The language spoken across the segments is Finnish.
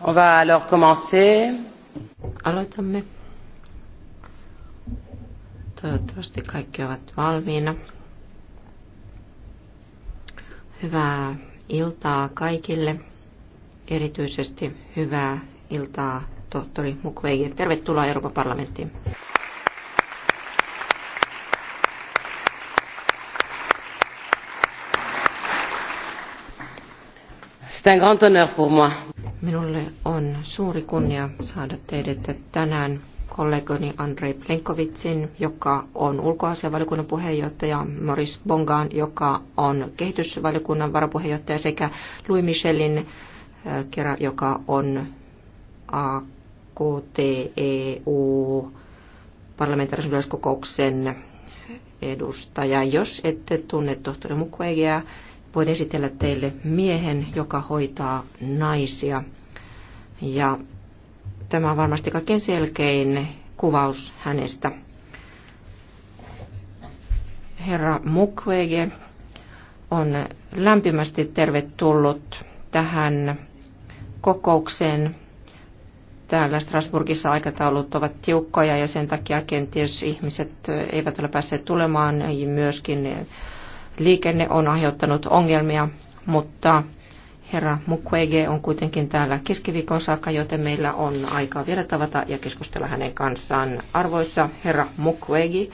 On va alors commencer. Aloitamme. Toivottavasti kaikki ovat valmiina. Hyvää iltaa kaikille. Erityisesti hyvää iltaa tohtori Mukwege. Tervetuloa Euroopan parlamenttiin. C'est un grand honneur pour moi. Minulle on suuri kunnia saada teidät tänään kollegoni Andrei Plenkovitsin, joka on ulkoasianvaliokunnan puheenjohtaja, Maurice Bongaan, joka on kehitysvaliokunnan varapuheenjohtaja, sekä Louis Michelin, äh, kera, joka on AKTEU parlamentaarisen yleiskokouksen edustaja. Jos ette tunne tohtori Mukwegeä, voin esitellä teille miehen, joka hoitaa naisia – ja tämä on varmasti kaikkein selkein kuvaus hänestä. Herra Mukwege on lämpimästi tervetullut tähän kokoukseen. Täällä Strasburgissa aikataulut ovat tiukkoja ja sen takia kenties ihmiset eivät ole päässeet tulemaan. Myöskin liikenne on aiheuttanut ongelmia, mutta Herra Mukwege on kuitenkin täällä keskiviikon saakka, joten meillä on aikaa vielä tavata ja keskustella hänen kanssaan. Arvoisa herra Mukwege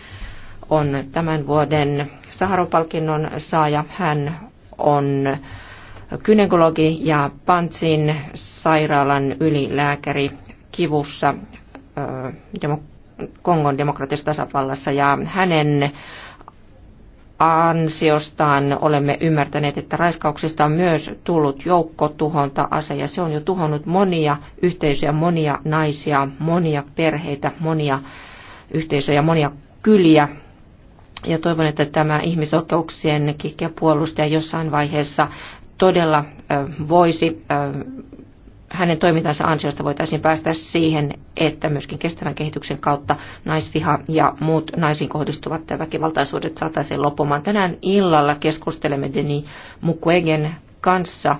on tämän vuoden Saharopalkinnon saaja. Hän on kynekologi ja Pantsin sairaalan ylilääkäri kivussa Kongon demokratisessa tasavallassa ja hänen ansiostaan olemme ymmärtäneet, että raiskauksesta on myös tullut joukkotuhonta ase ja se on jo tuhonnut monia yhteisöjä, monia naisia, monia perheitä, monia yhteisöjä, monia kyliä. Ja toivon, että tämä ihmisoikeuksien kikkeä puolustaja jossain vaiheessa todella voisi hänen toimintansa ansiosta voitaisiin päästä siihen, että myöskin kestävän kehityksen kautta naisviha ja muut naisiin kohdistuvat väkivaltaisuudet saataisiin loppumaan. Tänään illalla keskustelemme Deni Mukwegen kanssa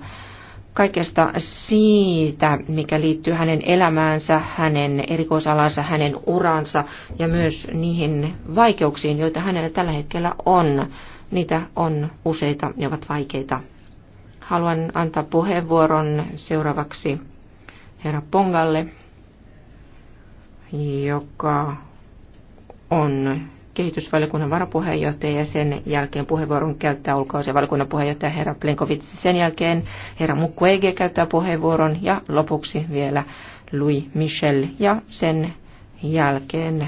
kaikesta siitä, mikä liittyy hänen elämäänsä, hänen erikoisalansa, hänen uransa ja myös niihin vaikeuksiin, joita hänellä tällä hetkellä on. Niitä on useita, ne ovat vaikeita Haluan antaa puheenvuoron seuraavaksi herra Pongalle, joka on kehitysvaliokunnan varapuheenjohtaja ja sen jälkeen puheenvuoron käyttää ulkoisen valiokunnan puheenjohtaja herra Plenkovits. Sen jälkeen herra Mukwege käyttää puheenvuoron ja lopuksi vielä Louis Michel ja sen jälkeen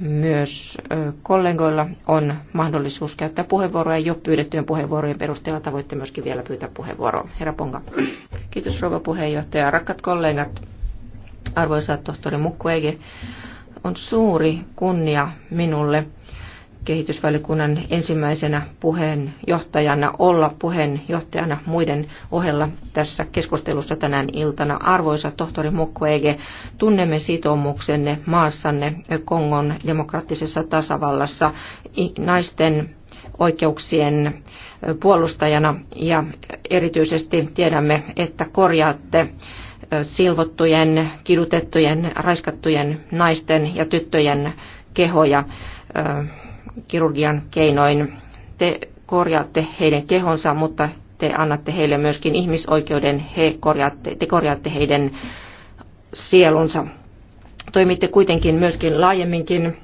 myös kollegoilla on mahdollisuus käyttää puheenvuoroja jo pyydettyjen puheenvuorojen perusteella. Tavoitte myöskin vielä pyytää puheenvuoroa. Herra Ponga. Kiitos rouva puheenjohtaja. Rakkat kollegat, arvoisa tohtori Mukkwege, on suuri kunnia minulle – kehitysvälikunnan ensimmäisenä puheenjohtajana olla puheenjohtajana muiden ohella tässä keskustelussa tänään iltana. Arvoisa tohtori Mukwege, tunnemme sitoumuksenne maassanne Kongon demokraattisessa tasavallassa naisten oikeuksien puolustajana ja erityisesti tiedämme, että korjaatte silvottujen, kidutettujen, raiskattujen naisten ja tyttöjen kehoja kirurgian keinoin. Te korjaatte heidän kehonsa, mutta te annatte heille myöskin ihmisoikeuden, he korjaatte, te korjaatte heidän sielunsa. Toimitte kuitenkin myöskin laajemminkin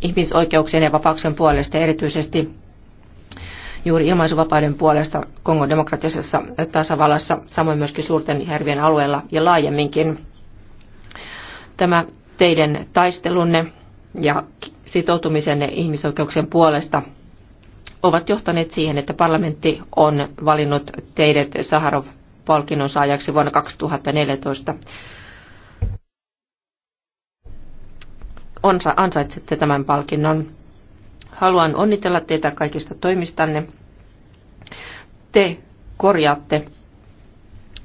ihmisoikeuksien ja vapauksien puolesta, erityisesti juuri ilmaisuvapauden puolesta Kongon demokratisessa tasavallassa, samoin myöskin suurten järvien alueella ja laajemminkin. Tämä teidän taistelunne ja sitoutumisen ihmisoikeuksien puolesta ovat johtaneet siihen, että parlamentti on valinnut teidät Saharov-palkinnon saajaksi vuonna 2014. Onsa, ansaitsette tämän palkinnon. Haluan onnitella teitä kaikista toimistanne. Te korjaatte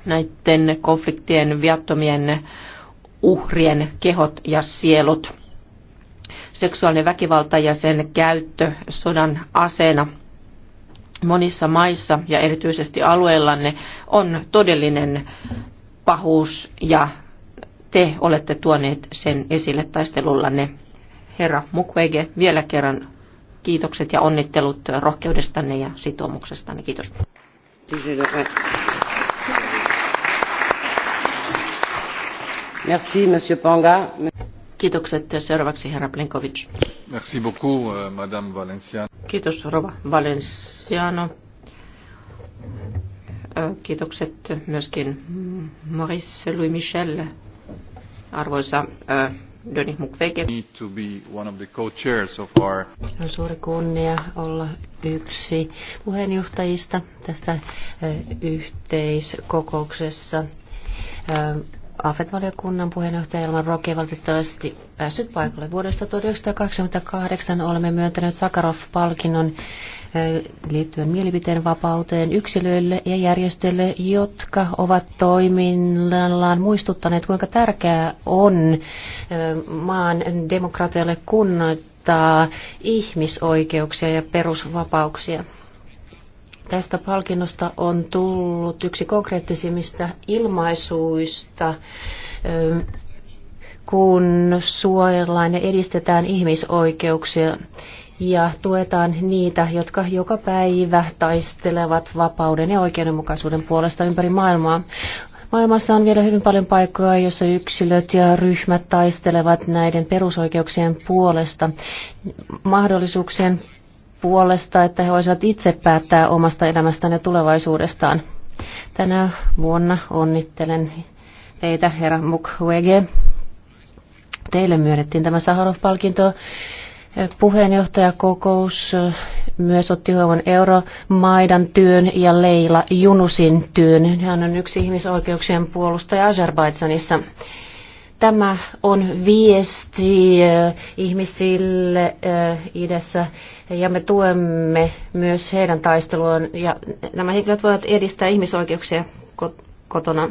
näiden konfliktien viattomien uhrien kehot ja sielut seksuaalinen väkivalta ja sen käyttö sodan aseena monissa maissa ja erityisesti alueellanne on todellinen pahuus ja te olette tuoneet sen esille taistelullanne. Herra Mukwege, vielä kerran kiitokset ja onnittelut rohkeudestanne ja sitoumuksestanne. Kiitos. Merci, monsieur Panga. Kiitokset. Seuraavaksi herra Plenkovic. Merci beaucoup, euh, madame Valenciano. Kiitos, rova Valenciano. Kiitokset myöskin Maurice Louis Michel, arvoisa Doni Mukwege. To be one of the co-chairs of our... On suuri kunnia olla yksi puheenjohtajista tästä yhteiskokouksessa AFET-valiokunnan puheenjohtaja Ilman Roki valitettavasti päässyt paikalle. Vuodesta 1988 olemme myöntäneet Sakarov-palkinnon liittyen mielipiteen vapauteen yksilöille ja järjestöille, jotka ovat toiminnallaan muistuttaneet, kuinka tärkeää on maan demokratialle kunnoittaa ihmisoikeuksia ja perusvapauksia. Tästä palkinnosta on tullut yksi konkreettisimmista ilmaisuista, kun suojellaan ja edistetään ihmisoikeuksia ja tuetaan niitä, jotka joka päivä taistelevat vapauden ja oikeudenmukaisuuden puolesta ympäri maailmaa. Maailmassa on vielä hyvin paljon paikkoja, joissa yksilöt ja ryhmät taistelevat näiden perusoikeuksien puolesta. Mahdollisuuksien puolesta, että he voisivat itse päättää omasta elämästään ja tulevaisuudestaan. Tänä vuonna onnittelen teitä, herra Mukwege. Teille myönnettiin tämä Saharov-palkinto. Puheenjohtajakokous myös otti huomioon Euromaidan työn ja Leila Junusin työn. Hän on yksi ihmisoikeuksien puolustaja Azerbaidsanissa. Tämä on viesti eh, ihmisille eh, idässä ja me tuemme myös heidän taisteluaan ja nämä henkilöt voivat edistää ihmisoikeuksia kotona.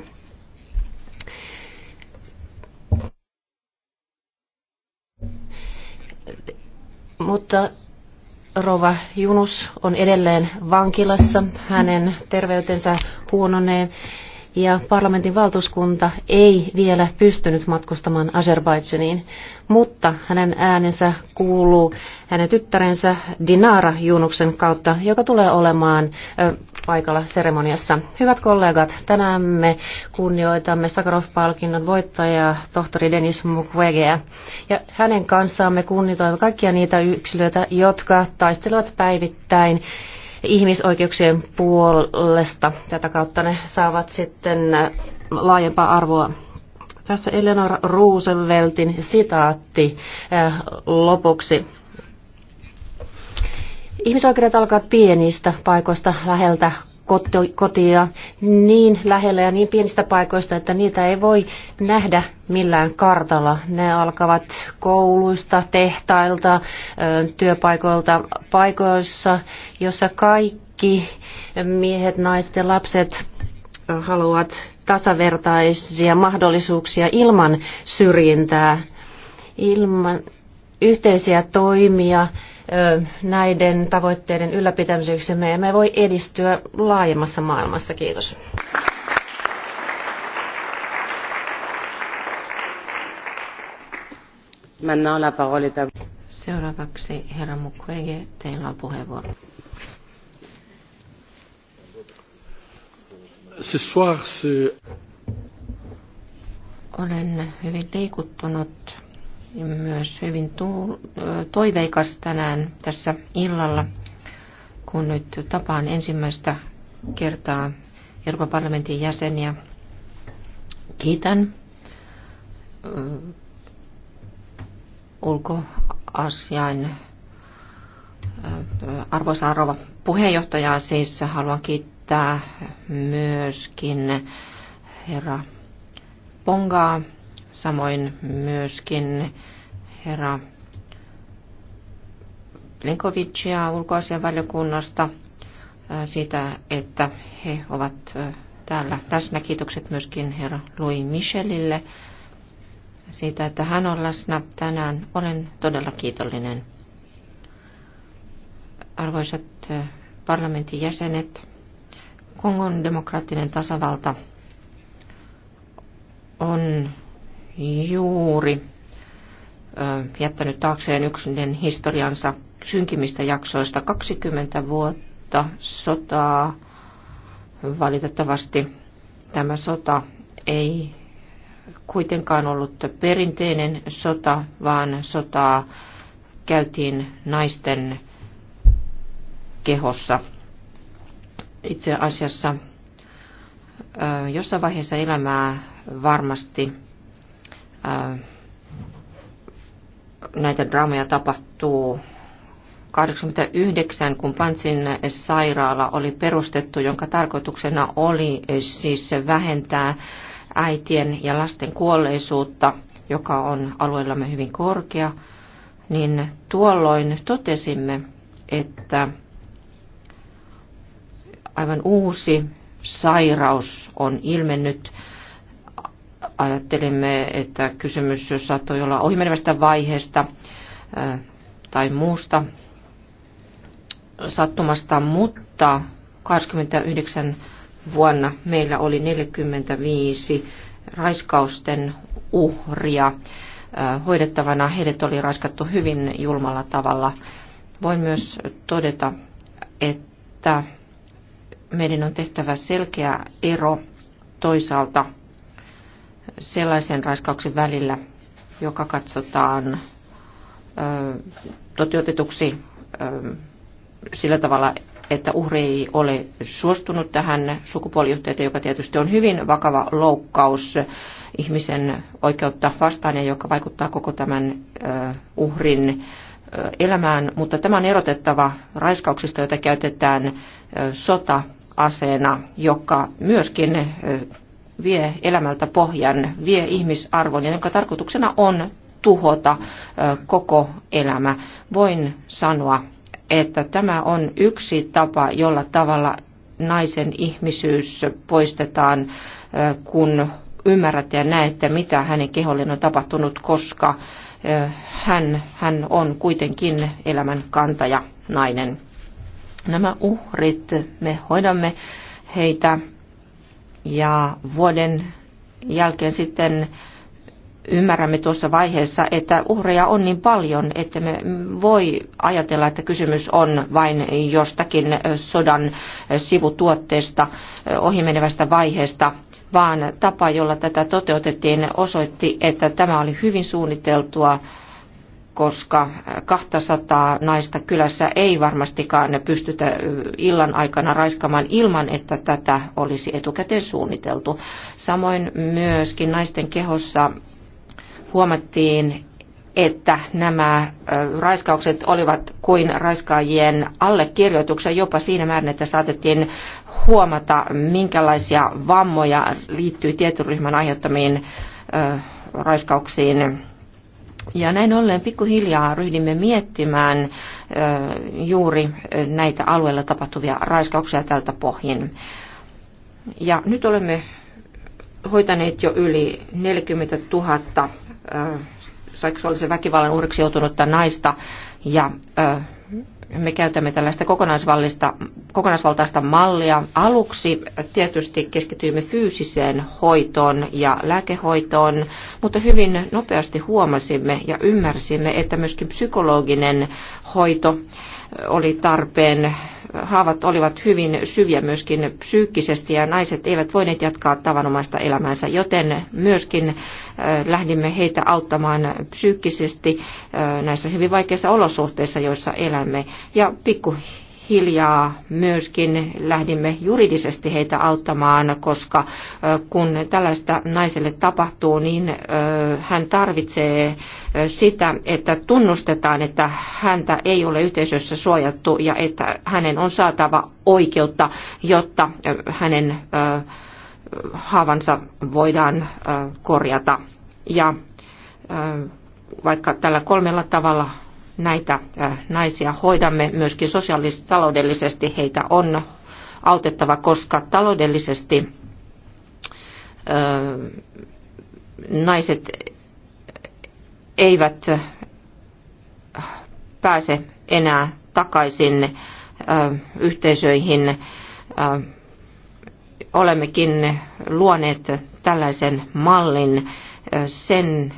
Mutta Rova Junus on edelleen vankilassa. Hänen terveytensä huononee ja parlamentin valtuuskunta ei vielä pystynyt matkustamaan Azerbaidsaniin, mutta hänen äänensä kuuluu hänen tyttärensä Dinara Junuksen kautta, joka tulee olemaan paikalla seremoniassa. Hyvät kollegat, tänään me kunnioitamme Sakharov-palkinnon voittajaa tohtori Denis Mukwegeä. Ja hänen kanssaan me kunnioitamme kaikkia niitä yksilöitä, jotka taistelevat päivittäin ihmisoikeuksien puolesta. Tätä kautta ne saavat sitten laajempaa arvoa. Tässä Eleanor Rooseveltin sitaatti äh, lopuksi. Ihmisoikeudet alkavat pienistä paikoista läheltä kotia niin lähellä ja niin pienistä paikoista, että niitä ei voi nähdä millään kartalla. Ne alkavat kouluista, tehtailta, työpaikoilta, paikoissa, jossa kaikki miehet, naiset ja lapset haluavat tasavertaisia mahdollisuuksia ilman syrjintää, ilman yhteisiä toimia, näiden tavoitteiden ylläpitämiseksi me emme voi edistyä laajemmassa maailmassa. Kiitos. Seuraavaksi herra Mukwege, teillä on puheenvuoro. Ce soir, Olen hyvin liikuttunut myös hyvin toiveikas tänään tässä illalla, kun nyt tapaan ensimmäistä kertaa Euroopan parlamentin jäseniä. Kiitän ulkoasian arvoisa rouva puheenjohtajaa siis haluan kiittää myöskin herra Pongaa Samoin myöskin herra Linkovicia ulkoasianvaliokunnasta siitä, että he ovat täällä läsnä. Kiitokset myöskin herra Louis Michelille siitä, että hän on läsnä tänään. Olen todella kiitollinen. Arvoisat parlamentin jäsenet, Kongon demokraattinen tasavalta on juuri jättänyt taakseen yksinen historiansa synkimistä jaksoista 20 vuotta sotaa. Valitettavasti tämä sota ei kuitenkaan ollut perinteinen sota, vaan sotaa käytiin naisten kehossa. Itse asiassa jossain vaiheessa elämää varmasti näitä draamoja tapahtuu 89, kun Pantsin sairaala oli perustettu, jonka tarkoituksena oli eh, siis vähentää äitien ja lasten kuolleisuutta, joka on alueellamme hyvin korkea, niin tuolloin totesimme, että aivan uusi sairaus on ilmennyt, ajattelimme, että kysymys saattoi olla ohimenevästä vaiheesta tai muusta sattumasta, mutta 29 vuonna meillä oli 45 raiskausten uhria hoidettavana. Heidät oli raiskattu hyvin julmalla tavalla. Voin myös todeta, että meidän on tehtävä selkeä ero toisaalta – sellaisen raiskauksen välillä, joka katsotaan ö, toteutetuksi ö, sillä tavalla, että uhri ei ole suostunut tähän sukupuoliyhteyteen, joka tietysti on hyvin vakava loukkaus ihmisen oikeutta vastaan ja joka vaikuttaa koko tämän uhrin elämään, mutta tämä on erotettava raiskauksista, joita käytetään sota-aseena, joka myöskin vie elämältä pohjan, vie ihmisarvon jonka tarkoituksena on tuhota koko elämä. Voin sanoa, että tämä on yksi tapa, jolla tavalla naisen ihmisyys poistetaan, kun ymmärrät ja näette, mitä hänen kehollinen on tapahtunut, koska hän, hän on kuitenkin elämän kantaja nainen. Nämä uhrit, me hoidamme heitä ja vuoden jälkeen sitten ymmärrämme tuossa vaiheessa, että uhreja on niin paljon, että me voi ajatella, että kysymys on vain jostakin sodan sivutuotteesta, ohimenevästä vaiheesta, vaan tapa, jolla tätä toteutettiin, osoitti, että tämä oli hyvin suunniteltua koska 200 naista kylässä ei varmastikaan pystytä illan aikana raiskamaan ilman, että tätä olisi etukäteen suunniteltu. Samoin myöskin naisten kehossa huomattiin, että nämä raiskaukset olivat kuin raiskaajien allekirjoituksia jopa siinä määrin, että saatettiin huomata, minkälaisia vammoja liittyy tietyn ryhmän aiheuttamiin raiskauksiin ja näin ollen pikkuhiljaa ryhdimme miettimään juuri näitä alueella tapahtuvia raiskauksia tältä pohjin. Ja nyt olemme hoitaneet jo yli 40 000 seksuaalisen väkivallan uhriksi joutunutta naista ja me käytämme tällaista kokonaisvaltaista mallia. Aluksi tietysti keskityimme fyysiseen hoitoon ja lääkehoitoon, mutta hyvin nopeasti huomasimme ja ymmärsimme, että myöskin psykologinen hoito oli tarpeen haavat olivat hyvin syviä myöskin psyykkisesti ja naiset eivät voineet jatkaa tavanomaista elämäänsä, joten myöskin lähdimme heitä auttamaan psyykkisesti näissä hyvin vaikeissa olosuhteissa, joissa elämme. Ja pikku hiljaa myöskin lähdimme juridisesti heitä auttamaan, koska kun tällaista naiselle tapahtuu, niin hän tarvitsee sitä, että tunnustetaan, että häntä ei ole yhteisössä suojattu ja että hänen on saatava oikeutta, jotta hänen haavansa voidaan korjata. Ja vaikka tällä kolmella tavalla näitä naisia hoidamme myöskin sosiaalisesti taloudellisesti heitä on autettava, koska taloudellisesti naiset eivät pääse enää takaisin yhteisöihin. Olemmekin luoneet tällaisen mallin sen,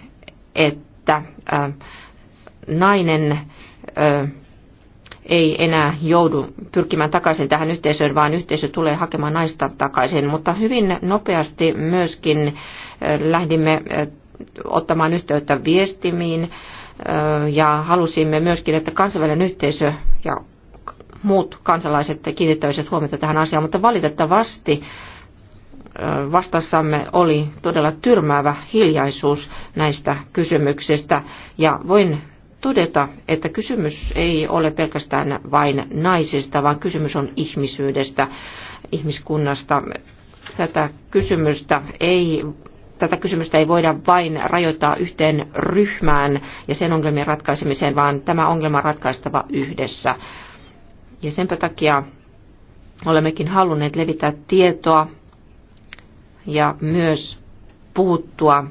että nainen ö, ei enää joudu pyrkimään takaisin tähän yhteisöön, vaan yhteisö tulee hakemaan naista takaisin. Mutta hyvin nopeasti myöskin lähdimme ottamaan yhteyttä viestimiin ja halusimme myöskin, että kansainvälinen yhteisö ja muut kansalaiset kiinnittäisivät huomiota tähän asiaan, mutta valitettavasti vastassamme oli todella tyrmäävä hiljaisuus näistä kysymyksistä. Ja voin todeta, että kysymys ei ole pelkästään vain naisista, vaan kysymys on ihmisyydestä, ihmiskunnasta. Tätä kysymystä ei tätä kysymystä ei voida vain rajoittaa yhteen ryhmään ja sen ongelmien ratkaisemiseen, vaan tämä ongelma on ratkaistava yhdessä. Ja senpä takia olemmekin halunneet levittää tietoa ja myös puuttua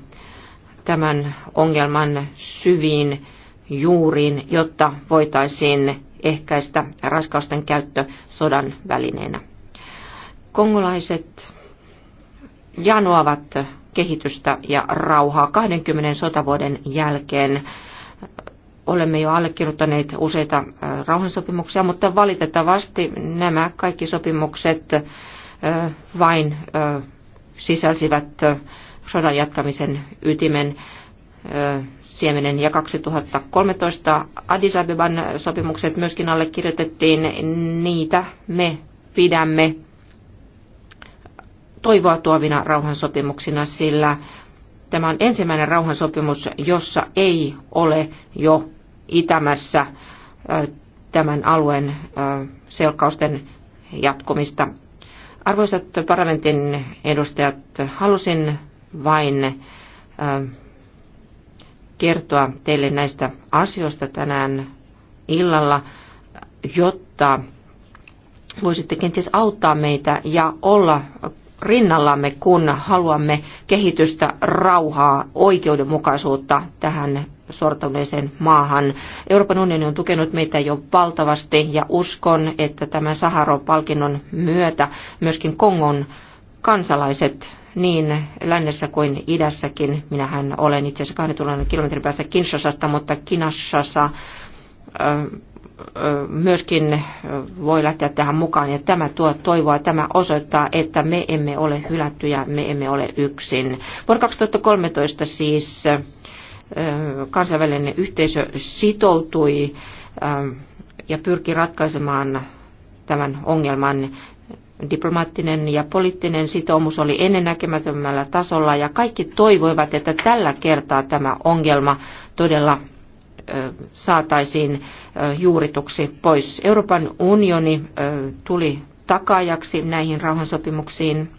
tämän ongelman syviin juuriin, jotta voitaisiin ehkäistä raskausten käyttö sodan välineenä. Kongolaiset janoavat kehitystä ja rauhaa 20 sotavuoden jälkeen. Olemme jo allekirjoittaneet useita äh, rauhansopimuksia, mutta valitettavasti nämä kaikki sopimukset äh, vain äh, sisälsivät sodan jatkamisen ytimen siemenen ja 2013 Addis Abeban sopimukset myöskin allekirjoitettiin. Niitä me pidämme toivoa tuovina rauhansopimuksina, sillä tämä on ensimmäinen rauhansopimus, jossa ei ole jo itämässä tämän alueen selkkausten jatkumista. Arvoisat parlamentin edustajat, halusin vain kertoa teille näistä asioista tänään illalla, jotta voisitte kenties auttaa meitä ja olla rinnallamme, kun haluamme kehitystä, rauhaa, oikeudenmukaisuutta tähän sortuneeseen maahan. Euroopan unioni on tukenut meitä jo valtavasti ja uskon, että tämän saharo palkinnon myötä myöskin Kongon kansalaiset niin lännessä kuin idässäkin. Minähän olen itse asiassa 2000 kilometrin päässä Kinshasasta, mutta Kinshasa myöskin voi lähteä tähän mukaan. Ja tämä tuo toivoa, tämä osoittaa, että me emme ole hylättyjä, me emme ole yksin. Vuonna 2013 siis kansainvälinen yhteisö sitoutui ja pyrki ratkaisemaan tämän ongelman diplomaattinen ja poliittinen sitoumus oli ennennäkemätömällä tasolla ja kaikki toivoivat, että tällä kertaa tämä ongelma todella saataisiin juurituksi pois. Euroopan unioni tuli takaajaksi näihin rauhansopimuksiin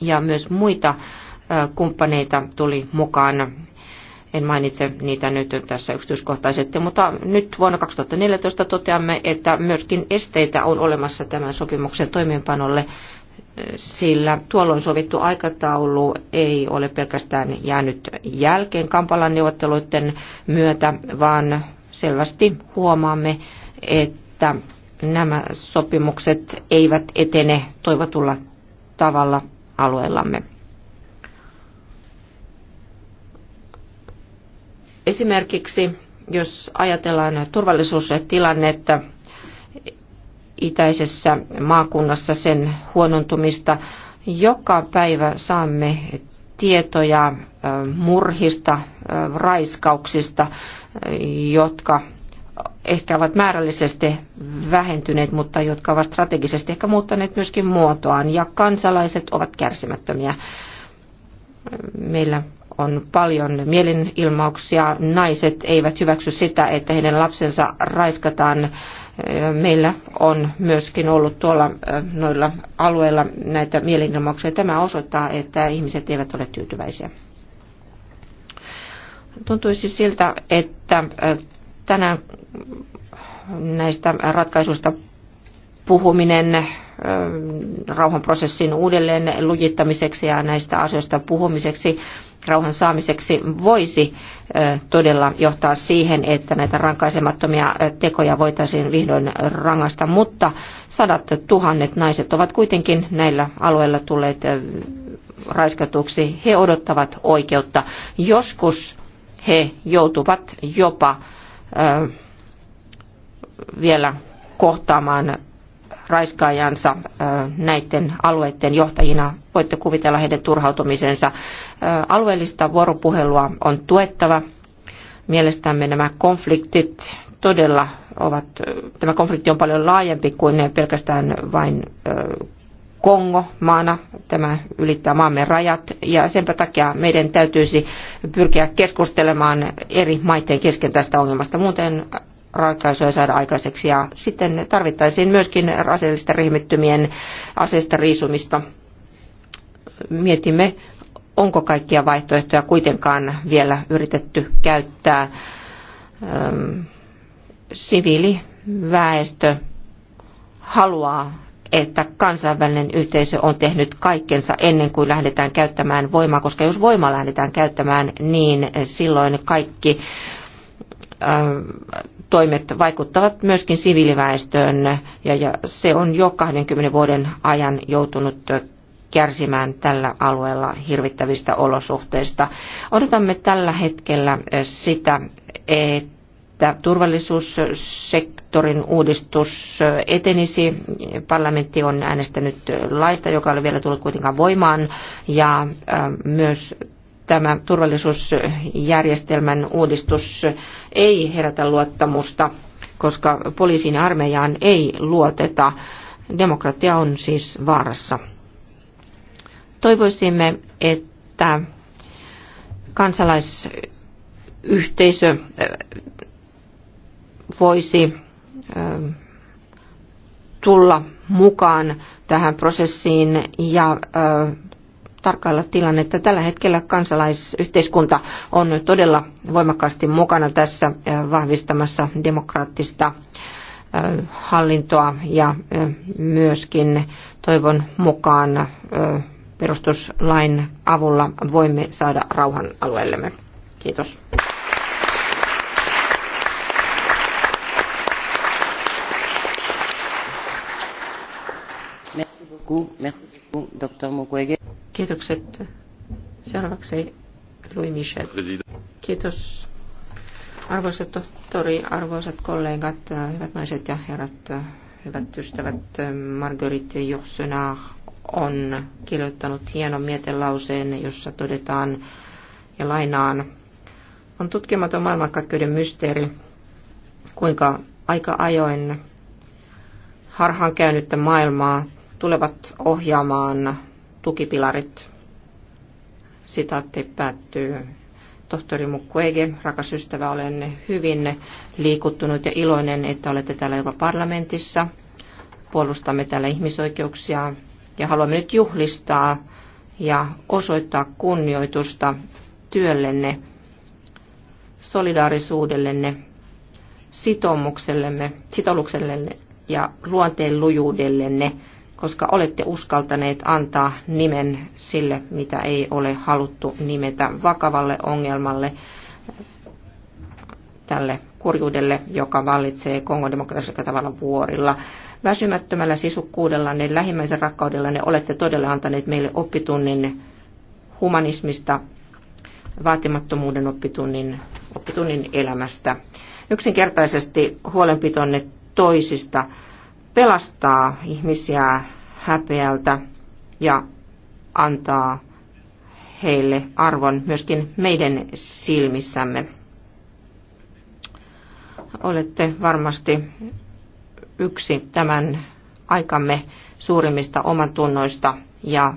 ja myös muita kumppaneita tuli mukaan en mainitse niitä nyt tässä yksityiskohtaisesti, mutta nyt vuonna 2014 toteamme, että myöskin esteitä on olemassa tämän sopimuksen toimeenpanolle, sillä tuolloin sovittu aikataulu ei ole pelkästään jäänyt jälkeen Kampalan neuvotteluiden myötä, vaan selvästi huomaamme, että nämä sopimukset eivät etene toivotulla tavalla alueellamme. Esimerkiksi jos ajatellaan turvallisuustilannetta itäisessä maakunnassa, sen huonontumista, joka päivä saamme tietoja murhista, raiskauksista, jotka ehkä ovat määrällisesti vähentyneet, mutta jotka ovat strategisesti ehkä muuttaneet myöskin muotoaan. Ja kansalaiset ovat kärsimättömiä. Meillä on paljon mielenilmauksia. Naiset eivät hyväksy sitä, että heidän lapsensa raiskataan. Meillä on myöskin ollut tuolla noilla alueilla näitä mielenilmauksia. Tämä osoittaa, että ihmiset eivät ole tyytyväisiä. Tuntuisi siltä, että tänään näistä ratkaisuista puhuminen rauhanprosessin uudelleen lujittamiseksi ja näistä asioista puhumiseksi, rauhan saamiseksi voisi todella johtaa siihen, että näitä rankaisemattomia tekoja voitaisiin vihdoin rangaista, mutta sadat tuhannet naiset ovat kuitenkin näillä alueilla tulleet raiskatuksi. He odottavat oikeutta. Joskus he joutuvat jopa vielä kohtaamaan raiskaajansa näiden alueiden johtajina. Voitte kuvitella heidän turhautumisensa. Alueellista vuoropuhelua on tuettava. Mielestämme nämä konfliktit todella ovat, tämä konflikti on paljon laajempi kuin pelkästään vain Kongo maana, tämä ylittää maamme rajat ja sen takia meidän täytyisi pyrkiä keskustelemaan eri maiden kesken tästä ongelmasta. Muuten ratkaisuja saada aikaiseksi. Ja sitten tarvittaisiin myöskin aseellisten ryhmittymien aseista riisumista. Mietimme, onko kaikkia vaihtoehtoja kuitenkaan vielä yritetty käyttää. siviiliväestö haluaa että kansainvälinen yhteisö on tehnyt kaikkensa ennen kuin lähdetään käyttämään voimaa, koska jos voimaa lähdetään käyttämään, niin silloin kaikki toimet vaikuttavat myöskin siviiliväestöön ja, ja se on jo 20 vuoden ajan joutunut kärsimään tällä alueella hirvittävistä olosuhteista. Odotamme tällä hetkellä eh, sitä, että että turvallisuussektorin uudistus eh, etenisi. Parlamentti on äänestänyt laista, joka oli vielä tullut kuitenkaan voimaan, ja eh, myös tämä turvallisuusjärjestelmän uudistus ei herätä luottamusta, koska poliisiin ja armeijaan ei luoteta. Demokratia on siis vaarassa. Toivoisimme, että kansalaisyhteisö äh, voisi äh, tulla mukaan tähän prosessiin ja äh, tarkkailla tilannetta. Tällä hetkellä kansalaisyhteiskunta on todella voimakkaasti mukana tässä vahvistamassa demokraattista hallintoa ja myöskin toivon mukaan perustuslain avulla voimme saada rauhan alueellemme. Kiitos. Merci beaucoup. Merci. Dr. Mukwege. Kiitokset. Seuraavaksi Louis Michel. Kiitos. Arvoisat tohtori, arvoisat kollegat, hyvät naiset ja herrat, hyvät ystävät, Marguerite Joursenar on kirjoittanut hienon mietelauseen, jossa todetaan ja lainaan, on tutkimaton maailmankaikkeuden mysteeri, kuinka aika ajoin harhaan käynyttä maailmaa tulevat ohjaamaan tukipilarit. Sitaatti päättyy. Tohtori Ege, rakas ystävä, olen hyvin liikuttunut ja iloinen, että olette täällä jopa parlamentissa. Puolustamme täällä ihmisoikeuksia ja haluamme nyt juhlistaa ja osoittaa kunnioitusta työllenne, solidaarisuudellenne, sitoumuksellemme, sitoumuksellenne ja luonteen lujuudellenne koska olette uskaltaneet antaa nimen sille, mitä ei ole haluttu nimetä vakavalle ongelmalle, tälle kurjuudelle, joka vallitsee Kongon demokratisella tavalla vuorilla. Väsymättömällä ne lähimmäisen ne olette todella antaneet meille oppitunnin humanismista, vaatimattomuuden oppitunnin, oppitunnin elämästä. Yksinkertaisesti huolenpitonne toisista pelastaa ihmisiä häpeältä ja antaa heille arvon myöskin meidän silmissämme. Olette varmasti yksi tämän aikamme suurimmista omatunnoista ja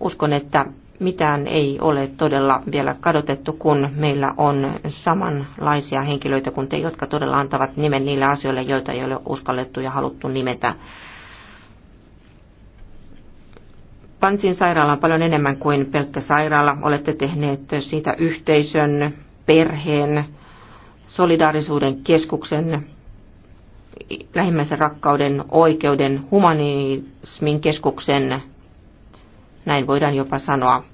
uskon, että mitään ei ole todella vielä kadotettu, kun meillä on samanlaisia henkilöitä kuin te, jotka todella antavat nimen niille asioille, joita ei ole uskallettu ja haluttu nimetä. Pansin sairaala on paljon enemmän kuin pelkkä sairaala. Olette tehneet siitä yhteisön, perheen, solidaarisuuden keskuksen, lähimmäisen rakkauden, oikeuden, humanismin keskuksen, näin voidaan jopa sanoa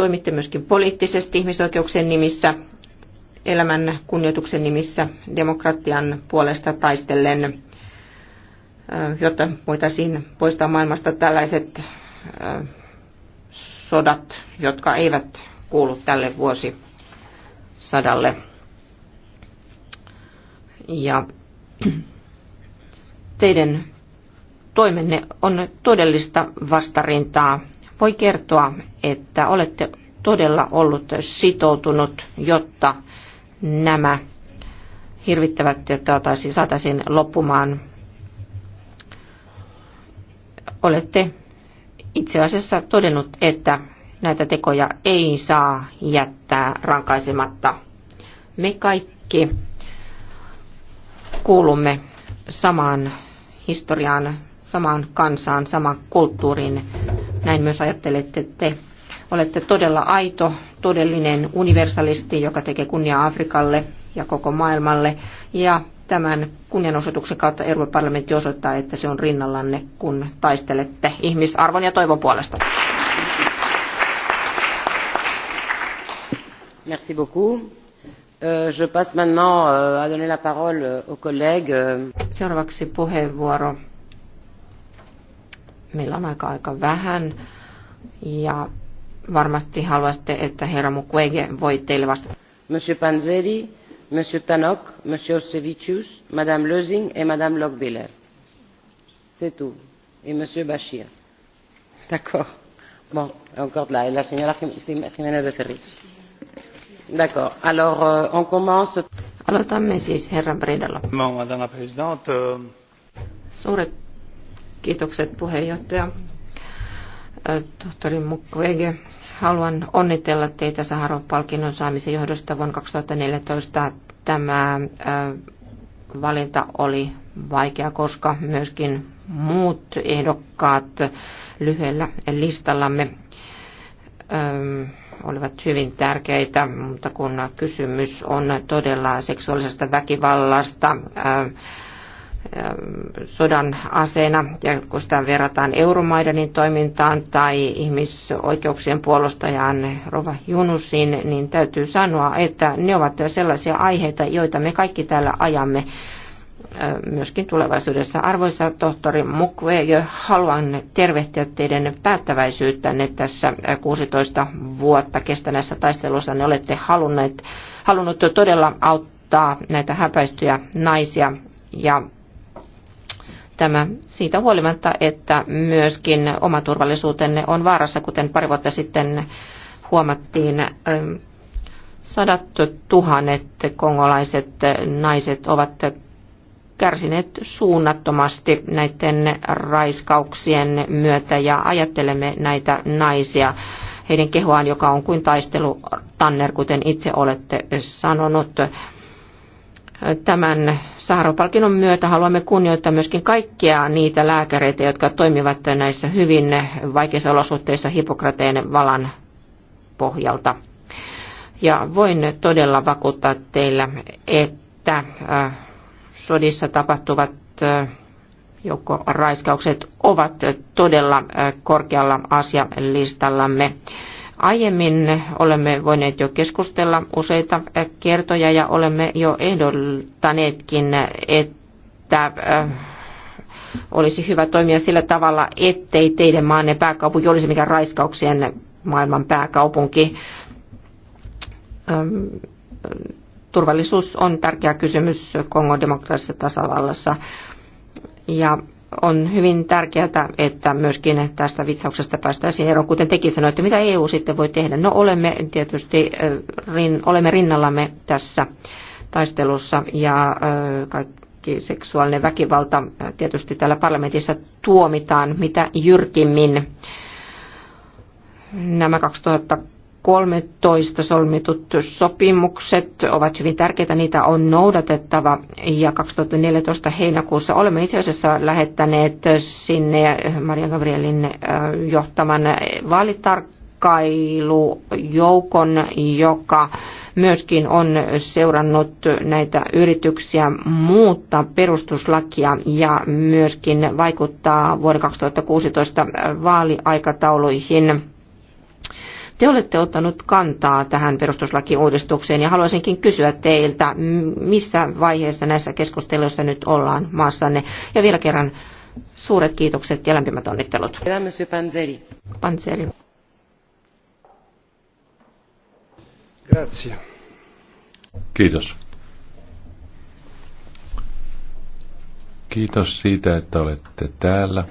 toimitte myöskin poliittisesti ihmisoikeuksien nimissä, elämän kunnioituksen nimissä, demokratian puolesta taistellen, jotta voitaisiin poistaa maailmasta tällaiset sodat, jotka eivät kuulu tälle vuosisadalle. Ja teidän toimenne on todellista vastarintaa voi kertoa, että olette todella ollut sitoutunut, jotta nämä hirvittävät saataisiin, saataisiin loppumaan. Olette itse asiassa todennut, että näitä tekoja ei saa jättää rankaisematta. Me kaikki kuulumme samaan historiaan, samaan kansaan, samaan kulttuuriin. Näin myös ajattelette te. Olette todella aito, todellinen universalisti, joka tekee kunnia Afrikalle ja koko maailmalle. Ja tämän kunnianosoituksen kautta Euroopan parlamentti osoittaa, että se on rinnallanne, kun taistelette ihmisarvon ja toivon puolesta. Merci beaucoup. Euh, je passe maintenant euh, à donner la parole euh, aux collègues. Seuraavaksi puheenvuoro Meillä on aika aika vähän ja varmasti haluaisitte, että herra Mukwege voi teille vastata. Monsieur Panzeri, Monsieur Tanok, Monsieur Sevicius, Madame Lösing et Madame Lockbiller. C'est tout. Et Monsieur Bashir. D'accord. Bon, encore de là. Et la señora Jiménez Ferri. D'accord. Alors, euh, on commence. Aloitamme siis herran Bredalla. Madame la présidente. Euh, Suuret Kiitokset puheenjohtaja. Tohtori Mukwege, haluan onnitella teitä Saharov-palkinnon saamisen johdosta vuonna 2014. Tämä valinta oli vaikea, koska myöskin muut ehdokkaat lyhyellä listallamme olivat hyvin tärkeitä, mutta kun kysymys on todella seksuaalisesta väkivallasta, sodan aseena, ja kun sitä verrataan euromaidanin toimintaan tai ihmisoikeuksien puolustajaan Rova Junusin, niin täytyy sanoa, että ne ovat sellaisia aiheita, joita me kaikki täällä ajamme myöskin tulevaisuudessa. Arvoisa tohtori Mukwege, haluan tervehtiä teidän päättäväisyyttänne tässä 16 vuotta kestäneessä taistelussa. Ne olette halunneet, halunnut todella auttaa näitä häpäistyjä naisia ja Tämä siitä huolimatta, että myöskin oma turvallisuutenne on vaarassa, kuten pari vuotta sitten huomattiin. Ähm, Sadat tuhannet kongolaiset naiset ovat kärsineet suunnattomasti näiden raiskauksien myötä ja ajattelemme näitä naisia heidän kehoaan, joka on kuin taistelutanner, kuten itse olette sanonut. Tämän Saharov-palkinnon myötä haluamme kunnioittaa myöskin kaikkia niitä lääkäreitä, jotka toimivat näissä hyvin vaikeissa olosuhteissa Hippokrateen valan pohjalta. Ja voin todella vakuuttaa teillä, että sodissa tapahtuvat joukkoraiskaukset ovat todella korkealla asialistallamme. listallamme Aiemmin olemme voineet jo keskustella useita kertoja ja olemme jo ehdottaneetkin, että äh, olisi hyvä toimia sillä tavalla, ettei teidän maanne pääkaupunki olisi mikään raiskauksien maailman pääkaupunki. Ähm, turvallisuus on tärkeä kysymys Kongon demokraattisessa tasavallassa. Ja on hyvin tärkeää, että myöskin tästä vitsauksesta päästäisiin eroon, kuten tekin sanoitte, mitä EU sitten voi tehdä. No olemme tietysti rin, olemme rinnallamme tässä taistelussa ja kaikki seksuaalinen väkivalta tietysti täällä parlamentissa tuomitaan mitä jyrkimmin. Nämä 2000 2013 solmitut sopimukset ovat hyvin tärkeitä, niitä on noudatettava ja 2014 heinäkuussa olemme itse asiassa lähettäneet sinne Maria Gabrielin äh, johtaman vaalitarkkailujoukon, joka myöskin on seurannut näitä yrityksiä muuttaa perustuslakia ja myöskin vaikuttaa vuoden 2016 vaaliaikatauluihin te olette ottanut kantaa tähän perustuslakiuudistukseen ja haluaisinkin kysyä teiltä, missä vaiheessa näissä keskusteluissa nyt ollaan maassanne. Ja vielä kerran suuret kiitokset ja lämpimät onnittelut. Panzeri. Panzeri. Grazie. Kiitos. Kiitos siitä, että olette täällä.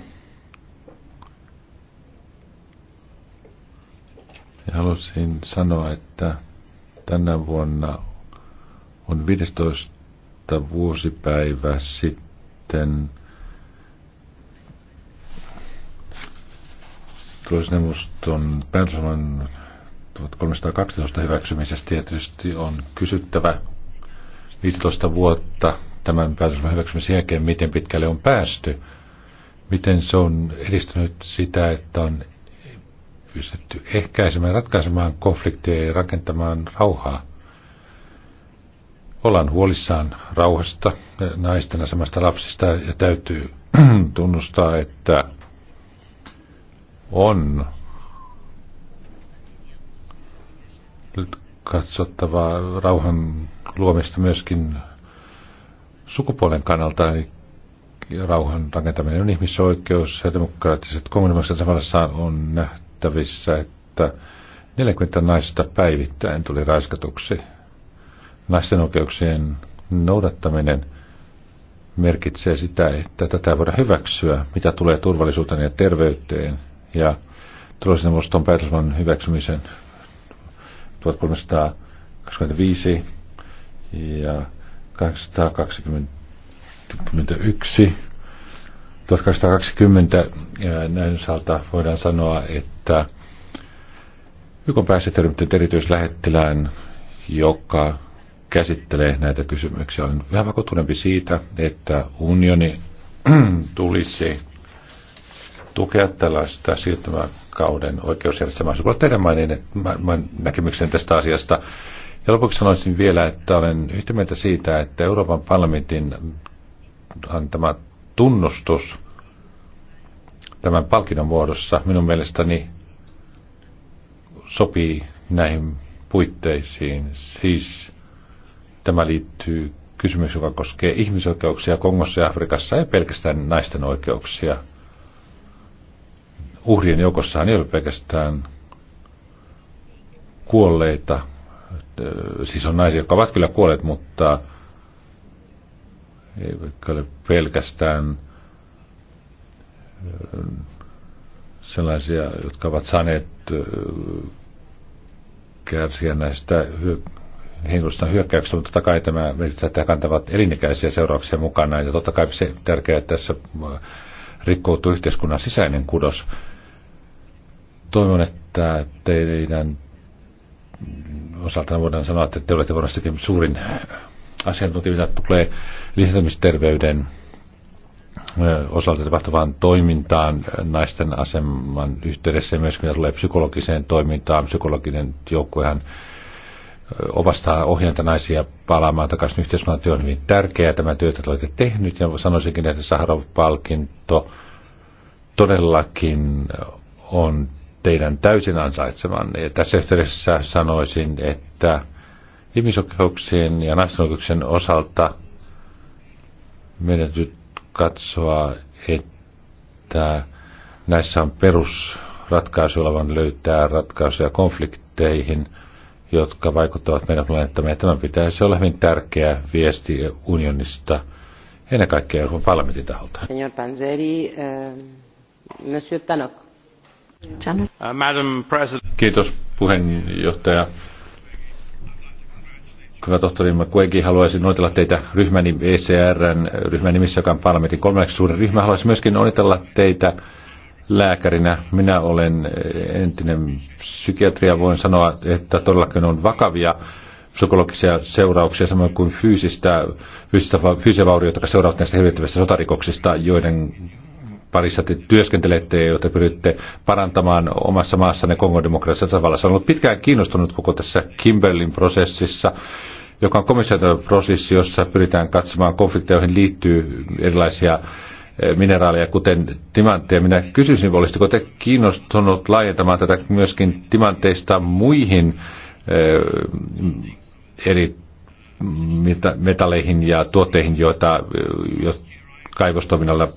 Ja halusin sanoa, että tänä vuonna on 15 vuosipäivä sitten turvallisuusneuvoston Bensoman 1312 hyväksymisestä tietysti on kysyttävä 15 vuotta tämän päätösmän hyväksymisen jälkeen, miten pitkälle on päästy. Miten se on edistänyt sitä, että on pystytty ehkäisemään, ratkaisemaan konflikteja ja rakentamaan rauhaa. Ollaan huolissaan rauhasta, naisten asemasta lapsista ja täytyy tunnustaa, että on nyt katsottava rauhan luomista myöskin sukupuolen kannalta. Rauhan rakentaminen on ihmisoikeus ja demokraattiset kommunimukset samalla on nähty havaittavissa, että 40 naista päivittäin tuli raiskatuksi. Naisten oikeuksien noudattaminen merkitsee sitä, että tätä voidaan hyväksyä, mitä tulee turvallisuuteen ja terveyteen. Ja turvallisuusneuvoston päätösvallan hyväksymisen 1325 ja 1821. 1820 ja näin osalta voidaan sanoa, että että YK pääsihteerin erityislähettilään, joka käsittelee näitä kysymyksiä, on vähän vakuuttuneempi siitä, että unioni tulisi tukea tällaista siirtymäkauden oikeusjärjestelmää. Se teidän näkemyksen tästä asiasta. Ja lopuksi sanoisin vielä, että olen yhtä mieltä siitä, että Euroopan parlamentin antama tunnustus tämän palkinnon muodossa minun mielestäni sopii näihin puitteisiin. Siis tämä liittyy kysymykseen, joka koskee ihmisoikeuksia Kongossa ja Afrikassa, ei pelkästään naisten oikeuksia. Uhrien joukossahan ei ole pelkästään kuolleita, äh, siis on naisia, jotka ovat kyllä kuolleet, mutta ei ole pelkästään äh, sellaisia, jotka ovat saaneet äh, kärsiä näistä henkilöstön hyökkäyksistä, mutta totta kai tämä että kantavat elinikäisiä seurauksia mukana. Ja totta kai se tärkeää, että tässä äh, rikkoutuu yhteiskunnan sisäinen kudos. Toivon, että teidän osalta voidaan sanoa, että te olette varmastikin suurin asiantuntija, mitä tulee lisääntymisterveyden osalta tapahtuvaan toimintaan naisten aseman yhteydessä ja myös mitä tulee psykologiseen toimintaan. Psykologinen joukkuehan opastaa ohjainta naisia palaamaan takaisin yhteiskunnan työ on hyvin tärkeää. Tämä työtä olette tehnyt ja sanoisinkin, että Saharov-palkinto todellakin on teidän täysin ansaitsemanne. Ja tässä yhteydessä sanoisin, että ihmisoikeuksien ja naisten osalta meidän katsoa, että näissä on perusratkaisuilla, löytää ratkaisuja konflikteihin, jotka vaikuttavat meidän planeettamme. Tämän pitäisi olla hyvin tärkeä viesti unionista, ennen kaikkea Euroopan parlamentin taholta. Signor Panzeri, äh, Monsieur Tanok. Uh, Madam President. Kiitos puheenjohtaja. Hyvä tohtori Kuegi, haluaisin onnitella teitä ryhmäni ECRn ryhmän nimissä, joka on parlamentin kolmanneksi suuri ryhmä. Haluaisin myöskin onnitella teitä lääkärinä. Minä olen entinen psykiatria. Voin sanoa, että todellakin on vakavia psykologisia seurauksia, samoin kuin fyysistä, fyysistä, fyysiä vaurioita, jotka seuraavat näistä hirvittävistä sotarikoksista, joiden parissa te työskentelette, joita pyritte parantamaan omassa maassanne Kongon demokraattisessa tavalla. Se on ollut pitkään kiinnostunut koko tässä Kimberlin prosessissa joka on komission prosessi, jossa pyritään katsomaan konflikteja, joihin liittyy erilaisia eh, mineraaleja, kuten timantteja. Minä kysyisin, olisitko te kiinnostunut laajentamaan tätä myöskin timanteista muihin eh, eri metalleihin ja tuotteihin, joita eh, kaivostoiminnalla